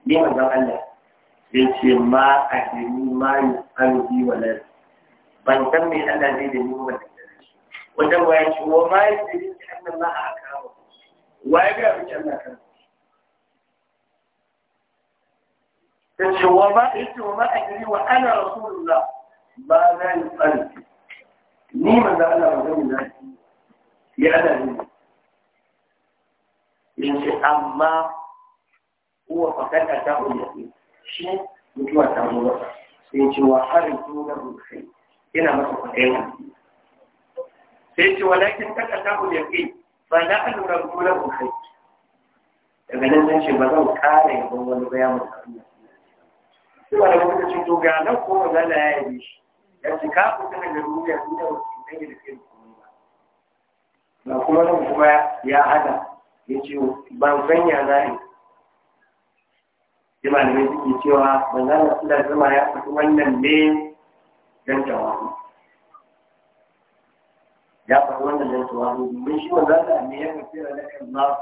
ne manzon Allah Ya ce ma a gani ma yi an bi wala ban san me Allah zai da ni ba wajen waye ce wa ma yi da ni annan ma a akrama waye ga abin Allah kan yace wa ma yace wa wa ana rasulullah ba na yi tsari ni manzo Allah ba zan yi ya ana ni amma huwa faqad atahu yaqin shi mutuwa ta zo masa sai wa haritu lahu khair ina masa kwaɗayin sai ce walakin ta kasa ba na na daga zan ba wani suna da kuka ce to ga nan ko ba ya yi shi ya ce ka ku tana ya duniya da ba su kai da kai da na kuma nan kuma ya hada ya ce ban sanya ya za yi sai malamai suke cewa ban za na da zama ya faɗi wannan ne don tawazu ya faɗi wannan don tawazu domin shi wanda za a ne ya faɗi da kan ba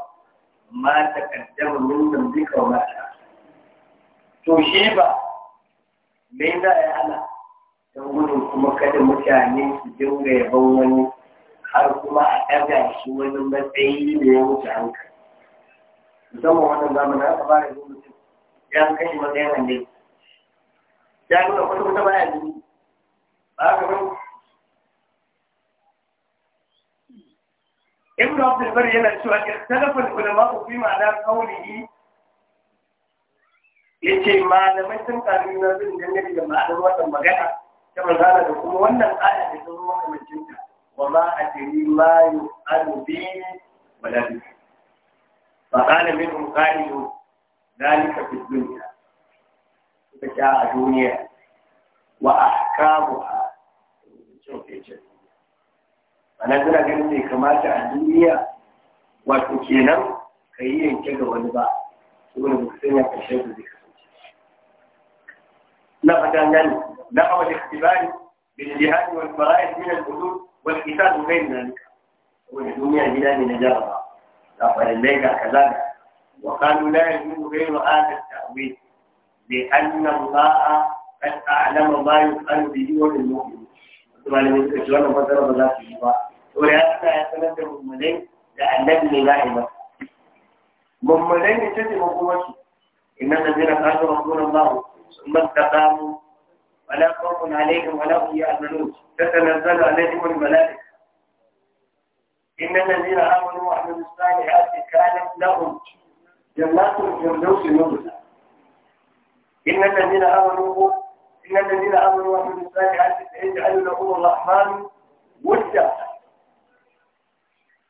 ma ta kaddama min zambika kawai ma ta to shi ba me za a yi ana don gudun kuma kada mutane su dinga yabon wani har kuma a ɗaga shi wani matsayi da ya wuce hankali musamman wannan zamanin aka fara yin mutum ya kashe matsayin wanda ya nuna kwata kwata baya jini ba ka ba ibn abdul bar yana cewa ikhtalafa al ulama fi ma'ana qawlihi ya ce malamai sun karu na zin dangane da ma'anar wannan magana ta manzana da kuma wannan aya da sun makamancin ta wa ma a jiri ma yi alubi baladu ba ƙalamin mukaliyo dalika fi duniya suka sha a duniya wa a kamu a cin fece ana suna ganin bai kamata a duniya wato kenan ka yi yanke ga wani ba saboda ba ka sanya ƙarshen da zai نقدا نحو الاختبار بالجهاد والفرائض من الحدود والكتاب بين ذلك والدنيا بلا من جرى لقد الليل كذلك وقالوا لا يجوز غير هذا التأويل لأن الله قد أعلم ما يفعل به وللمؤمن ولمن تجربة وضرب الناس الله ولهذا يتمثل المؤمنين لأنني لا إله مؤمنين تجد مقومته إن الذين قالوا رسول الله ثم استقاموا ولا خوف عليهم ولا هم يحزنون تتنزل عليهم الملائكة إن الذين آمنوا وعملوا الصالحات كانت لهم جنات الفردوس نزلا إن الذين آمنوا إن الذين آمنوا وعملوا الصالحات سيجعل لهم الرحمن ودا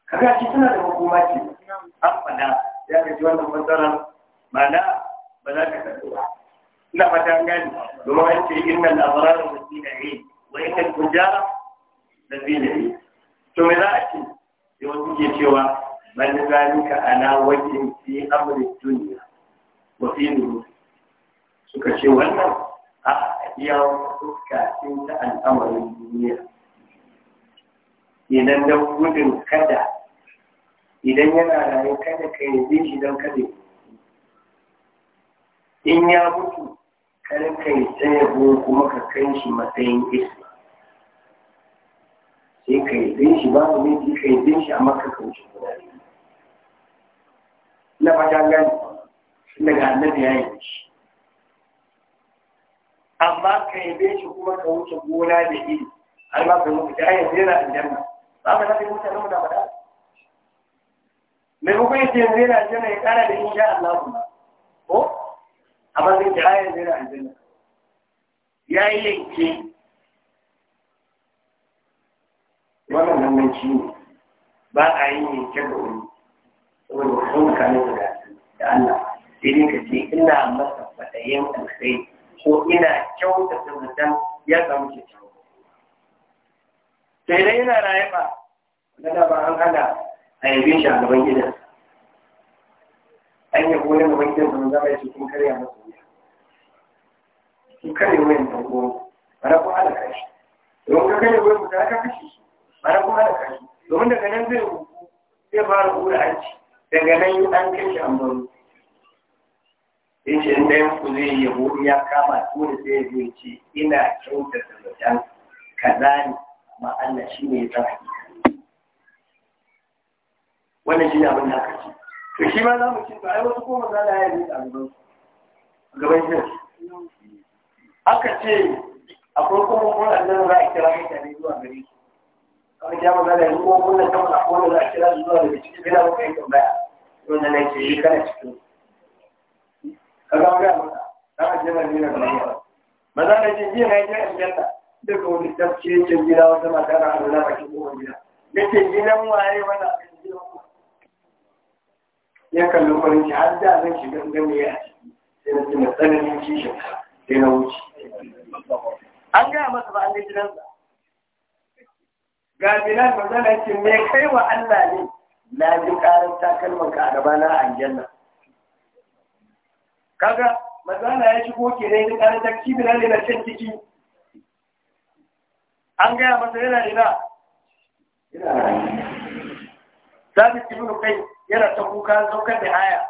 kaga shi suna da hukumaci an fada ya ga ji wannan matsalar ma'ana ba za ka karɓi ba na fata ta gani domin an ce inna al-abrar fi na'im wa inna al-fujara la to me za a ce sai wasu ke cewa man zalika ana wajin fi amri dunya wa fi nuru suka ce wannan a iya fuska cin ta al'amarin duniya idan da gudun kada idan yana rayu kada ka yi shi don kada in ya mutu kar ka yi tsayabo kuma ka kai shi matsayin isma sai ka yi zai shi babu ji ka yi zai shi a maka kan shi guda na fata gani daga annabi ya yi shi amma ka yi zai shi kuma ka wuce gona da iri har ma ka mutu ta yanzu yana aljanna ba ka nafi mutane mu da faɗa maimakon zai yana aljanna ya kara da insha Allah kuma amma zai ce ayar zai na aljanna ya yi yanke wannan wannan shi ne ba a yi yanke ga wani saboda sun kanu guda da Allah sai dai ka ce ina masa fatayen alkhairi ko ina kyauta kyautata zaton ya samu kyakkyawa sai dai yana rayuwa. ba na da ba an hana a yabe shi a gaban gidansa an yi goyon da wakil da zama ya ce kun karya masu wuya kun karya wuyan da goro mara kun halaka domin ka karya wuyan mutane ka kashe shi bara kuma halaka kashi domin daga nan zai rubu zai fara hura aji daga nan an kai shi an baro sai ce in ku zai yi hudu ya kama dole sai ya zo ya ce ina kyautata zaton kaza ne amma Allah shi ne ya san hakika wannan shi ne abin da aka ce to shi ma za mu ce ai wasu ko maza da ya yi ɗaliban gaban shi aka ce akwai kuma kuma nan za a kira mutane zuwa gare su kawai ya maza da ya kuma da a kuma za a kira zuwa daga cikin gida ba yi tambaya wanda na ke yi kana cikin ka ga ga mata za da je na nuna da yawa maza da jin jiya na yi jiya aljanna daga wani tafsircin gida wata mata na hannu bakin kowane gida nake gidan waye wani a kan ya kalli farin ci har da zan shiga gane ya sai na ce matsananin kishin sai na wuce an gaya masa ba an ga gidansa ga bilal magana ce me kai wa Allah ne na ji karar takalman ka a gaba na aljanna kaga mazana ya shigo ke ne da karar takki bilal na cin ciki an gaya masa yana ina ina sabit ibn kai yana ta kuka saukar da haya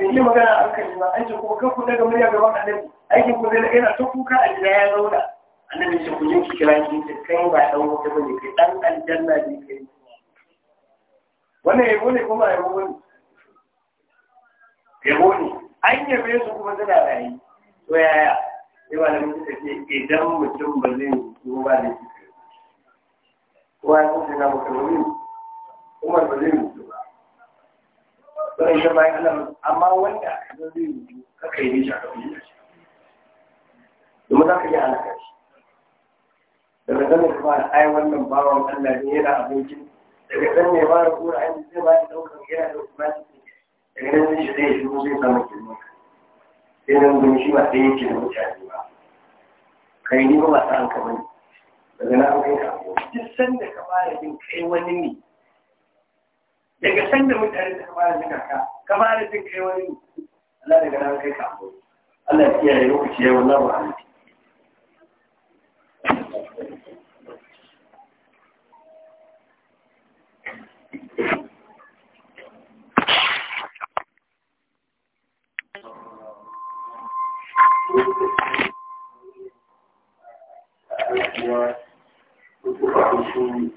yi magana a hankali ba an ce kuma kan ku daga murya gaban annabi aikin ku zai yana ta kuka a gida ya zauna annabi shi ku je kira shi ce kai ba dan wata bane kai dan aljanna ne kai wannan ya ne kuma ya ne ya ne an yabe su kuma tana rayu to yaya sai ba da mutum ce idan mutum ba zai Ko ba da shi kowa ya san na mutum umar ba zai yi. sai ya bayan Allah amma wanda aka zo zai rubu kaka yi shi aka yi shi domin za ka yi alaƙa shi daga zan da kuma ai wannan bawan Allah ne yana abokin daga zan ne ba da kura ai sai ba ya daukar yana da kuma daga nan zai shi zai shi zai samu kirma sai nan gun shi ba sai yake da mutane ba kai ni ba ba san ka bane daga na kai ka duk sanda ka fara jin kai wani ne daga san da mutane da kamar da kaka kamar da kai wani Allah daga nan kai kafo Allah ya kiyaye lokaci ya wallahi ba hali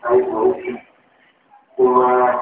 kuma kuma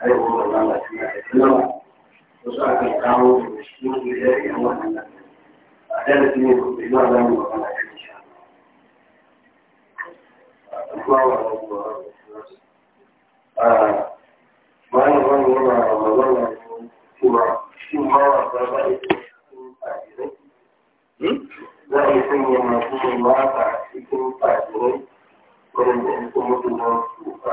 aiko da Allah suna da tunawa wasu akan kawo da cikin gidan yan wannan a darasi ne ba ba yi a masu cikin fajirai waɗanda a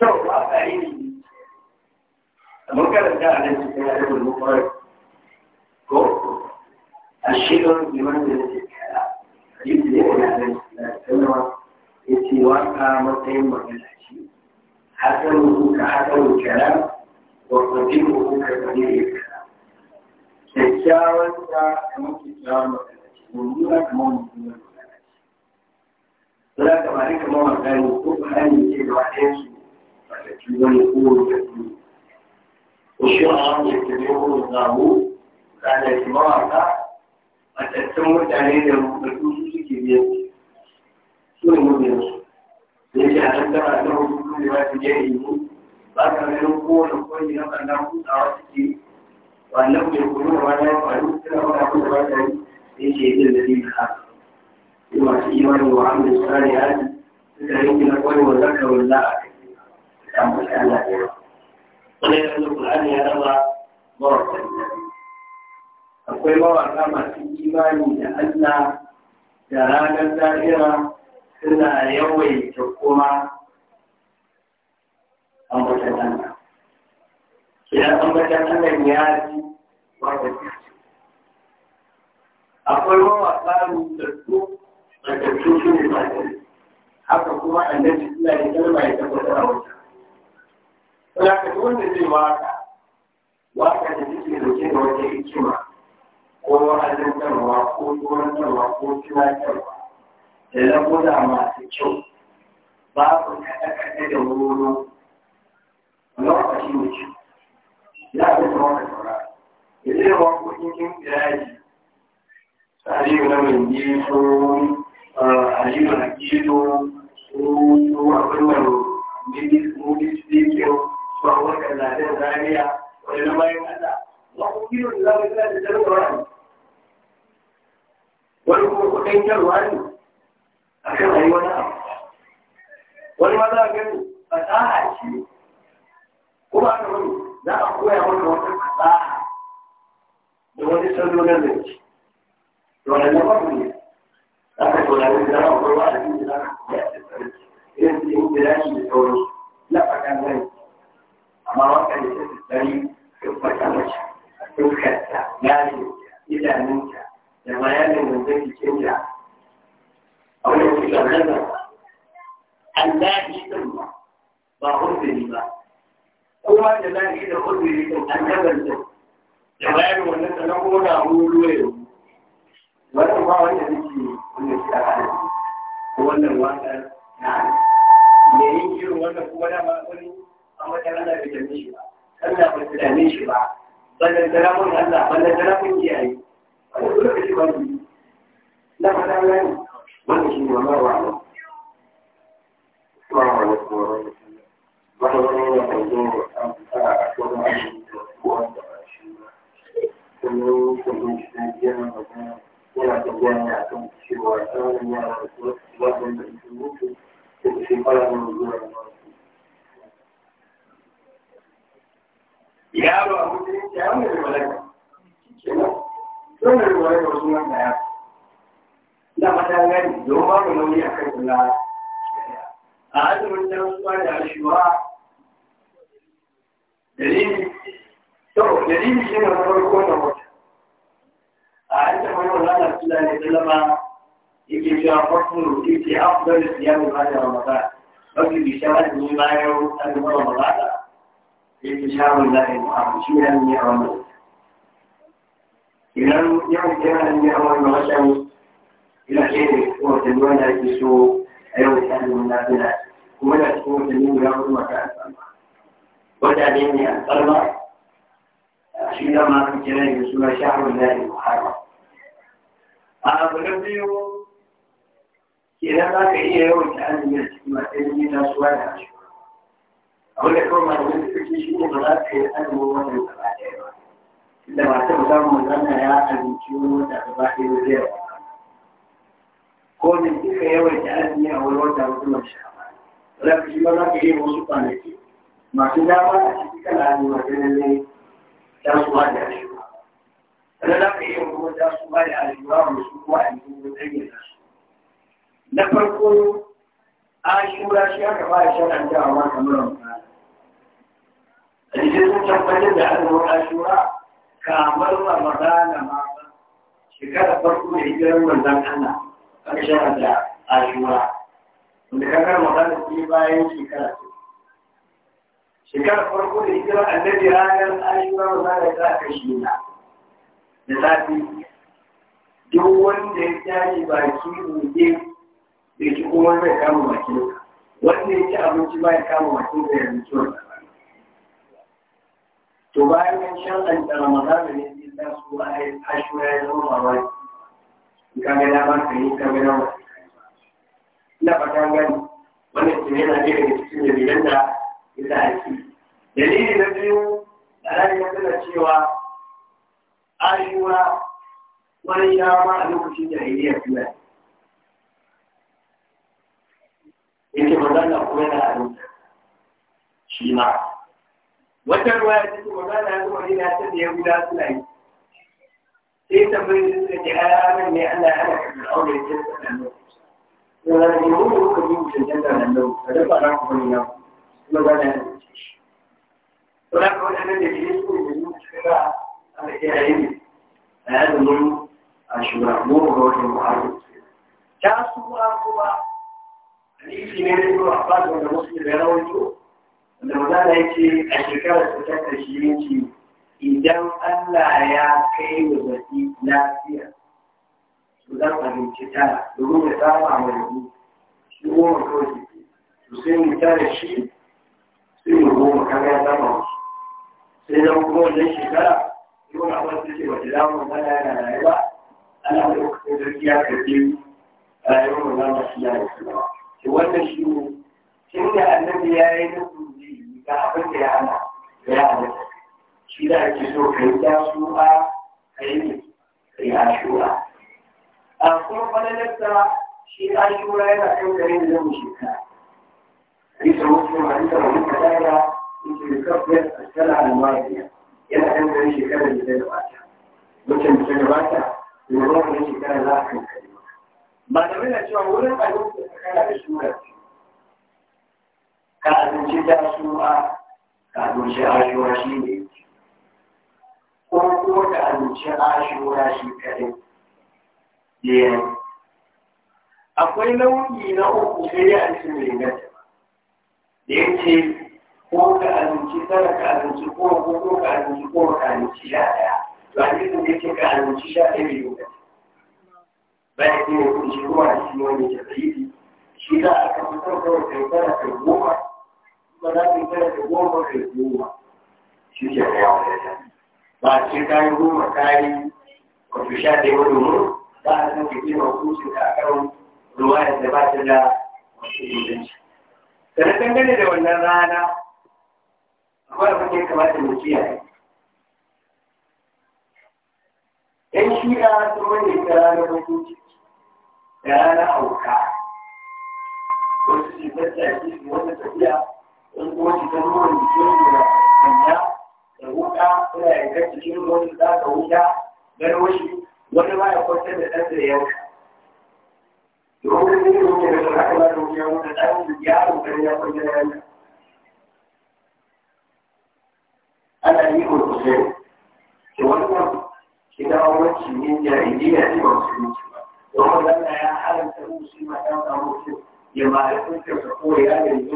سوف أعيني من كان جاء عليه في العلم المفرد الشيء بمنزلة الكلام يبدأ إلى عليه الصلاة والسلام استواء مطعم وكالحشي حسنه كحسن الكلام وقدمه كقدير الكلام تجاوز كما تجاوز وكالحشي ومنزلة كما منزلة وكالحشي ولكن عليك ما كان يقول أن يجد عليه kwanaki wani kowace su shi a ne a mutane da ba na wannan kuma da wani ya faru suna wani abu da wani yake yin da zai ka yi masu imanin wa'amin sani hali suka yi gina kwani zaka wanda a kai kan mutane ya wani yanzu Qur'ani ya zama mawakan akwai mawaka masu imani da Allah da ranar zahira suna yawaita kuma ambatan Allah idan ambatan Allah ya ji wata akwai mawaka rubutattu da tattu su ne haka kuma annabi Allah ya kalma ya tabbatar a wata Ina ka duk wanda zai waka, waka da take dauke da wata hikima, ko wa'azantarwa, ko turantarwa, ko tunatarwa, da laguda masu kyau, Ba babu kaɗe-kaɗe da wuro, lokaci mai kyau. Ya fi waka saurara. Idan yawa kuɗin kiraji, tsari na mai gefe, aliyu na gefe, ko abin da Mudis Dikyo, talatin zaniya wani na bayan Allah wakilin da za ka da tarwa ne wani kuma kudin kyarwa ne a kan ayi wani abu wani ma za a gani fasaha ce kuma za a koya wata fasaha da wani na to wani na ne za ka da za a koya da za ka koya da da sauransu na amma waɗanda suka tsari duk wata mace ya yarinta idanunta da bayanin da zai jikinta a wajen wani cikin gaza Allah yi ɗin ba ba hudiri ba kuma da za a yi da hudiri ɗin an gabanta da bayanin wannan sanan kuma na hulu ya yi wannan ba wanda nake wanda shi a kanan wannan waƙar na ne yin irin wannan kuma dama wani amma kan Allah bai dame shi ba Allah bai dame shi ba ballan tara mun Allah ballan tara mun iyaye wani lokaci ba ni na fata Allah ne wannan shi ne wannan wa'ala Assalamu alaikum wa rahmatullahi wa barakatuh. yana tambaya ne a kan cewa tsarin yara da wasu wajen da su mutu da su fara zuwa yaro a mutum ya mu da malaka kenan don da malaka wasu nan ya na mata gani don ba mu nauyi akan kula a azumin da suwa da ashuwa dalili to dalili shi ne farko na wata a hanta mai wala da kula ne kalama yake cewa farko rubuce afdal siyam ba da ramadan mafi bishara ne bayan azumin ramadan انتشار الله المحرم شيء لم يعمل إذا يوم كان لم يعمل غشم إلى حين قوة ولا يسوء أيوة كان من نازلة ولا تكون تنين يأخذ مكان وتعليمني الطلبة أشياء ما في جنين يسوى شهر الله المحرم أنا بلبيه idan za ka iya yawan ta azumi a cikin matsayin na suwa da ashe. Abin da kawai malamin shi ne ba za ka yi azumin wannan gaba ɗaya ba ya abinci wani wata zai ko da yawaita a wani wata ka shi ba za ka yi wasu kwanaki masu a su ba da ashewa sannan za ka yi kuma za su ba da a cikin wajen yin nasu na farko shi aka kamar wani Rikin tabbatar da azumin ashura kamar Ramadana ma Shekara farko da hijirar manzan Allah ƙarshen da ashura. Wanda kakar Ramadana ce bayan shekara ce. Shekarar farko da hijirar annabi ranar ashura Ramadana ta kashe na. Da safi duk wanda ya tashi baki buɗe da ki kuma zai kama bakinka. Wanda ya ci abinci ba ya kama bakinka ya mutuwa. to bayan shan da ramadan ne sai ta su ba a ashura ya zama wai ka ga da ka yi ka ga da Ina fatan gani wannan shi yana da daga cikin dalilan da yasa ake dalili na biyu da rani ya tana cewa ashura wani shama a lokacin jahiliya fiye yake magana kuma yana a lokacin shi ma wata ruwa ya ce kuma za na zuwa ina ta da yahuda suna yi sai tambayi da suka ce a ranar ne ana ana kasar aure ya ce suna nan yana da yawan da kuka yi mutum jan da nan nan a dafa na kuma ne yau kuma za na yi shi to na kawai da nan da ke yi su ne da suka ga a da iyaye ne a yanzu a shura mu ga wata mu'adu ta suwa kuma hadisi ne da yawa ba da wanda musulmi ya rawaito Manzana ya ce a shekarar da ta kashi yake idan Allah ya kai wa baki lafiya, to zan abinci tara, domin ya saba mai rubu, shi goma kawai ke, to sai mu tara shi, sai mu goma kaga ya saba shi. Sai zan kuma wannan shekara, yawan abin da ke wata damar mana yana rayuwa, ana da kusa sarki ya karfe rayuwar mana shi ya yi kuma. Wannan shi ne, tun da annabi ya yi nufin da abin da ya hana ya hana shi da ake so ka yi tasu'a ka yi ka yi ashura a kuma falalarsa shi ashura yana kan gare da zan shekara bisa wasu mahimta wani kadara yake fiyar a tsara mafiya yana kan gare shekara da zai gabata wacce da ta gabata da wani shekara za a kan kare ba da mai cewa wurin abin da tsakanin da shura ce ka abinci da su a kafin shi ashura shi ne ko ko ka abinci ashura shi kaɗai biyan akwai nau'i na uku sai ya an mai ringar da ya ce ko ka abinci tara ka abinci ko ko ka abinci ko ka abinci sha ɗaya to a jikin da ya ce ka abinci sha ɗaya bai lokaci bayan ne kun shi kuma a cikin wani jazzayi shi za a kan fitar kawai kai tara kai goma ba za ki kai da goma da goma shi ke kai wata ta ba ce ta yi goma ta yi wato sha da yawa domin ba a san kake ma kusa da akan ruwa da ba ta da wasu Da na dangane da wannan rana akwai abin da ya kamata mu kiyaye. ‘Yan shi'a sun wani ta ranar hukunci da rana auka, wasu shi tattaki su wata tafiya in kuma jikin ruwan jikin da hanya da wuta suna yanka cikin ruwan da da wuta garwashi wani ba ya kwantar da ɗansa da yau domin da yake da shi aka ba da wuya wanda ɗan da yaro kan ya kwantar da yanka ana yi ko kusa ke wannan kidawanci ne jahiliya ne ba musulunci ba domin Allah ya haramta musulma ɗan ɗan mutum ya ma'aikata ko ya yi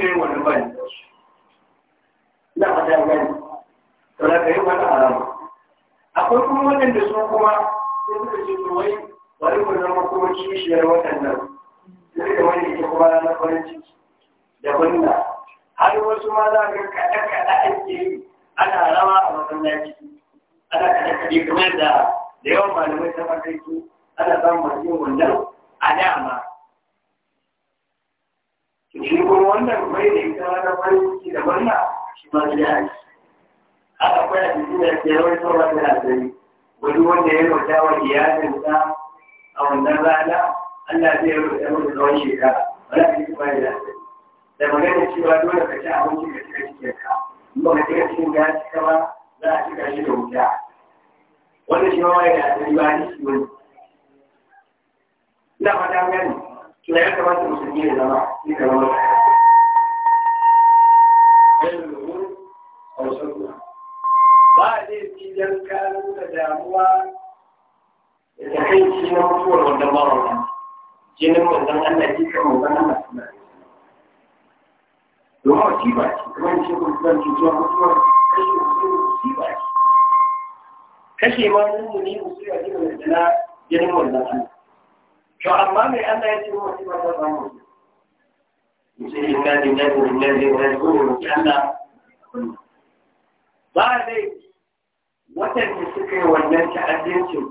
kai wani bane na fata gani to da kai wani haram akwai kuma waɗanda su kuma sai suka ce to wai bari mu zama kuma kishiyar waɗannan sai da kuma na farin da kunna har wasu maza za ga kaɗa-kaɗa ana rawa a masallaci ana kaɗe-kaɗe kamar da da yawan malamai ta farkai ana samun masu wannan a shi kuma wannan bai da ita na farin ciki da murna shi ma yi. yaji haka kwaya da shi da ke rawar sauran da azari wani wanda ya rauta wa iyalinsa a wannan rana Allah zai rauta mu da tsawon shekara wala da shi ba da azari da magana cewa dole ka ci abinci ka cika cikin ka in ba ka cika cikin ka cika ba za a cika shi da wuta wanda shi ma ya da azari ba ni shi wani ina fata gani لا يكبر المسلمين لما في دولة يلمون shi سلمون بعد wanda كانوا تدعموا يتحين شيء مطور والدمار جنم والدم أن أجيك موضانا مسلمان domin musiba ce kamar da shekul islam ke zuwa mutuwar kashe musulmi musiba ce kashe ma mummuni musiba ce mai dana yanin wannan شو الله من ألا يسيروا في مدرسة مثل الكاذب الذي يقول كأن بعد watan da suka yi wannan ta'addancin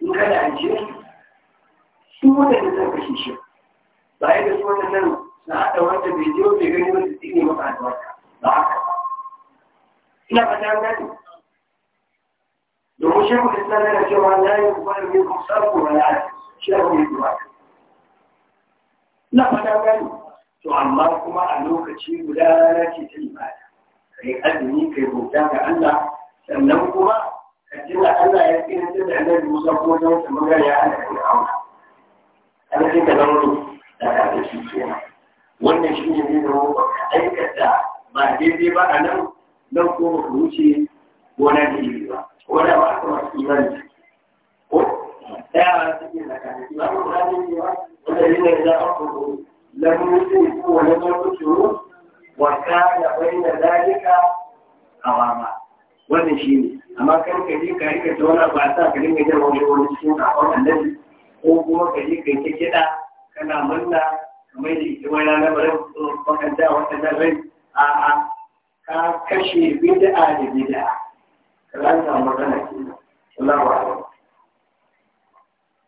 in kada an ce su watan da suka kashe shi ba yadda su watan nan na haɗa wanda bai je bai gani ba su tsine maka albarka ba haka ina fata an gani domin shekul islam yana cewa la yi kubar min kusar ko wala shi abu ne ba na faɗa gani to amma kuma a lokaci guda rana ce ta ka yi azumi ka yi bauta ga Allah sannan kuma ka jira Allah ya tsira da annabi Musa ko da wata magana ya hana kai auna an ce ka zama da ka da shi kenan wannan shi ne zai zama ba ka aikata ba daidai ba a nan nan kuma ku wuce gona da iri ba wanda ba ka masu imani yara suke zakanaki ba mu da ne ne amma kan ka je ka rika ta wani ba sa ka dinga jin wani wani cikin sakon annabi ko kuma ka je ka yi kiɗa kana manna kamar da ita wani ranar bari makanta wata nan rai a'a ka kashe bid'a da bid'a ka zanta magana kenan Allah wa'ala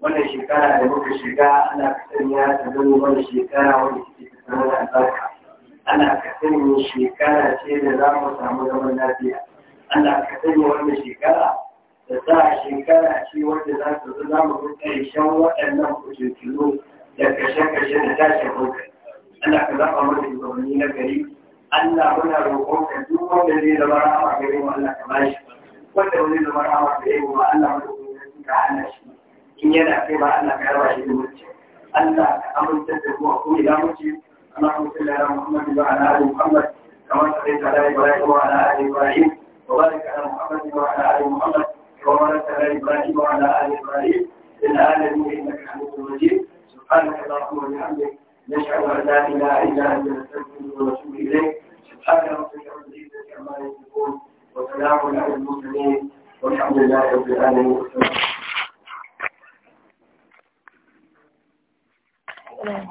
wannan shekara da muka shiga ana ka sanya ta zama wani shekara wanda take ta zama da albarka ana kasan sanya shekara ce da za mu samu zaman lafiya ana kasan sanya wannan shekara da za shekara ce wanda za ta zama mu ga ƙarshen waɗannan kujerkilu da kashe-kashe da tashin hankali ana ka zaɓa mana shugabanni na gari Allah muna ka duk wanda zai zama rahama gare mu Allah ka bashi wanda ba zai zama rahama gare mu ba Allah muna roƙonka ka hana shi in yana kai ba ana karawa shi da mace Allah ka amince da kuma ku da mace ana mutum da ran Muhammad ba ana Abu Muhammad kamar sai ta dai ba ko ana Ali Ibrahim wa baraka ala Muhammad wa ala Ali Muhammad wa baraka ala Ibrahim wa ala Ali Ibrahim in alamin innaka hamidun majid subhanaka allahumma wa bihamdika نشهد أن لا إله إلا أنت نستغفرك ونتوب إليك سبحان ربك رب العزة عما يصفون وسلام على المرسلين والحمد لله رب العالمين 对。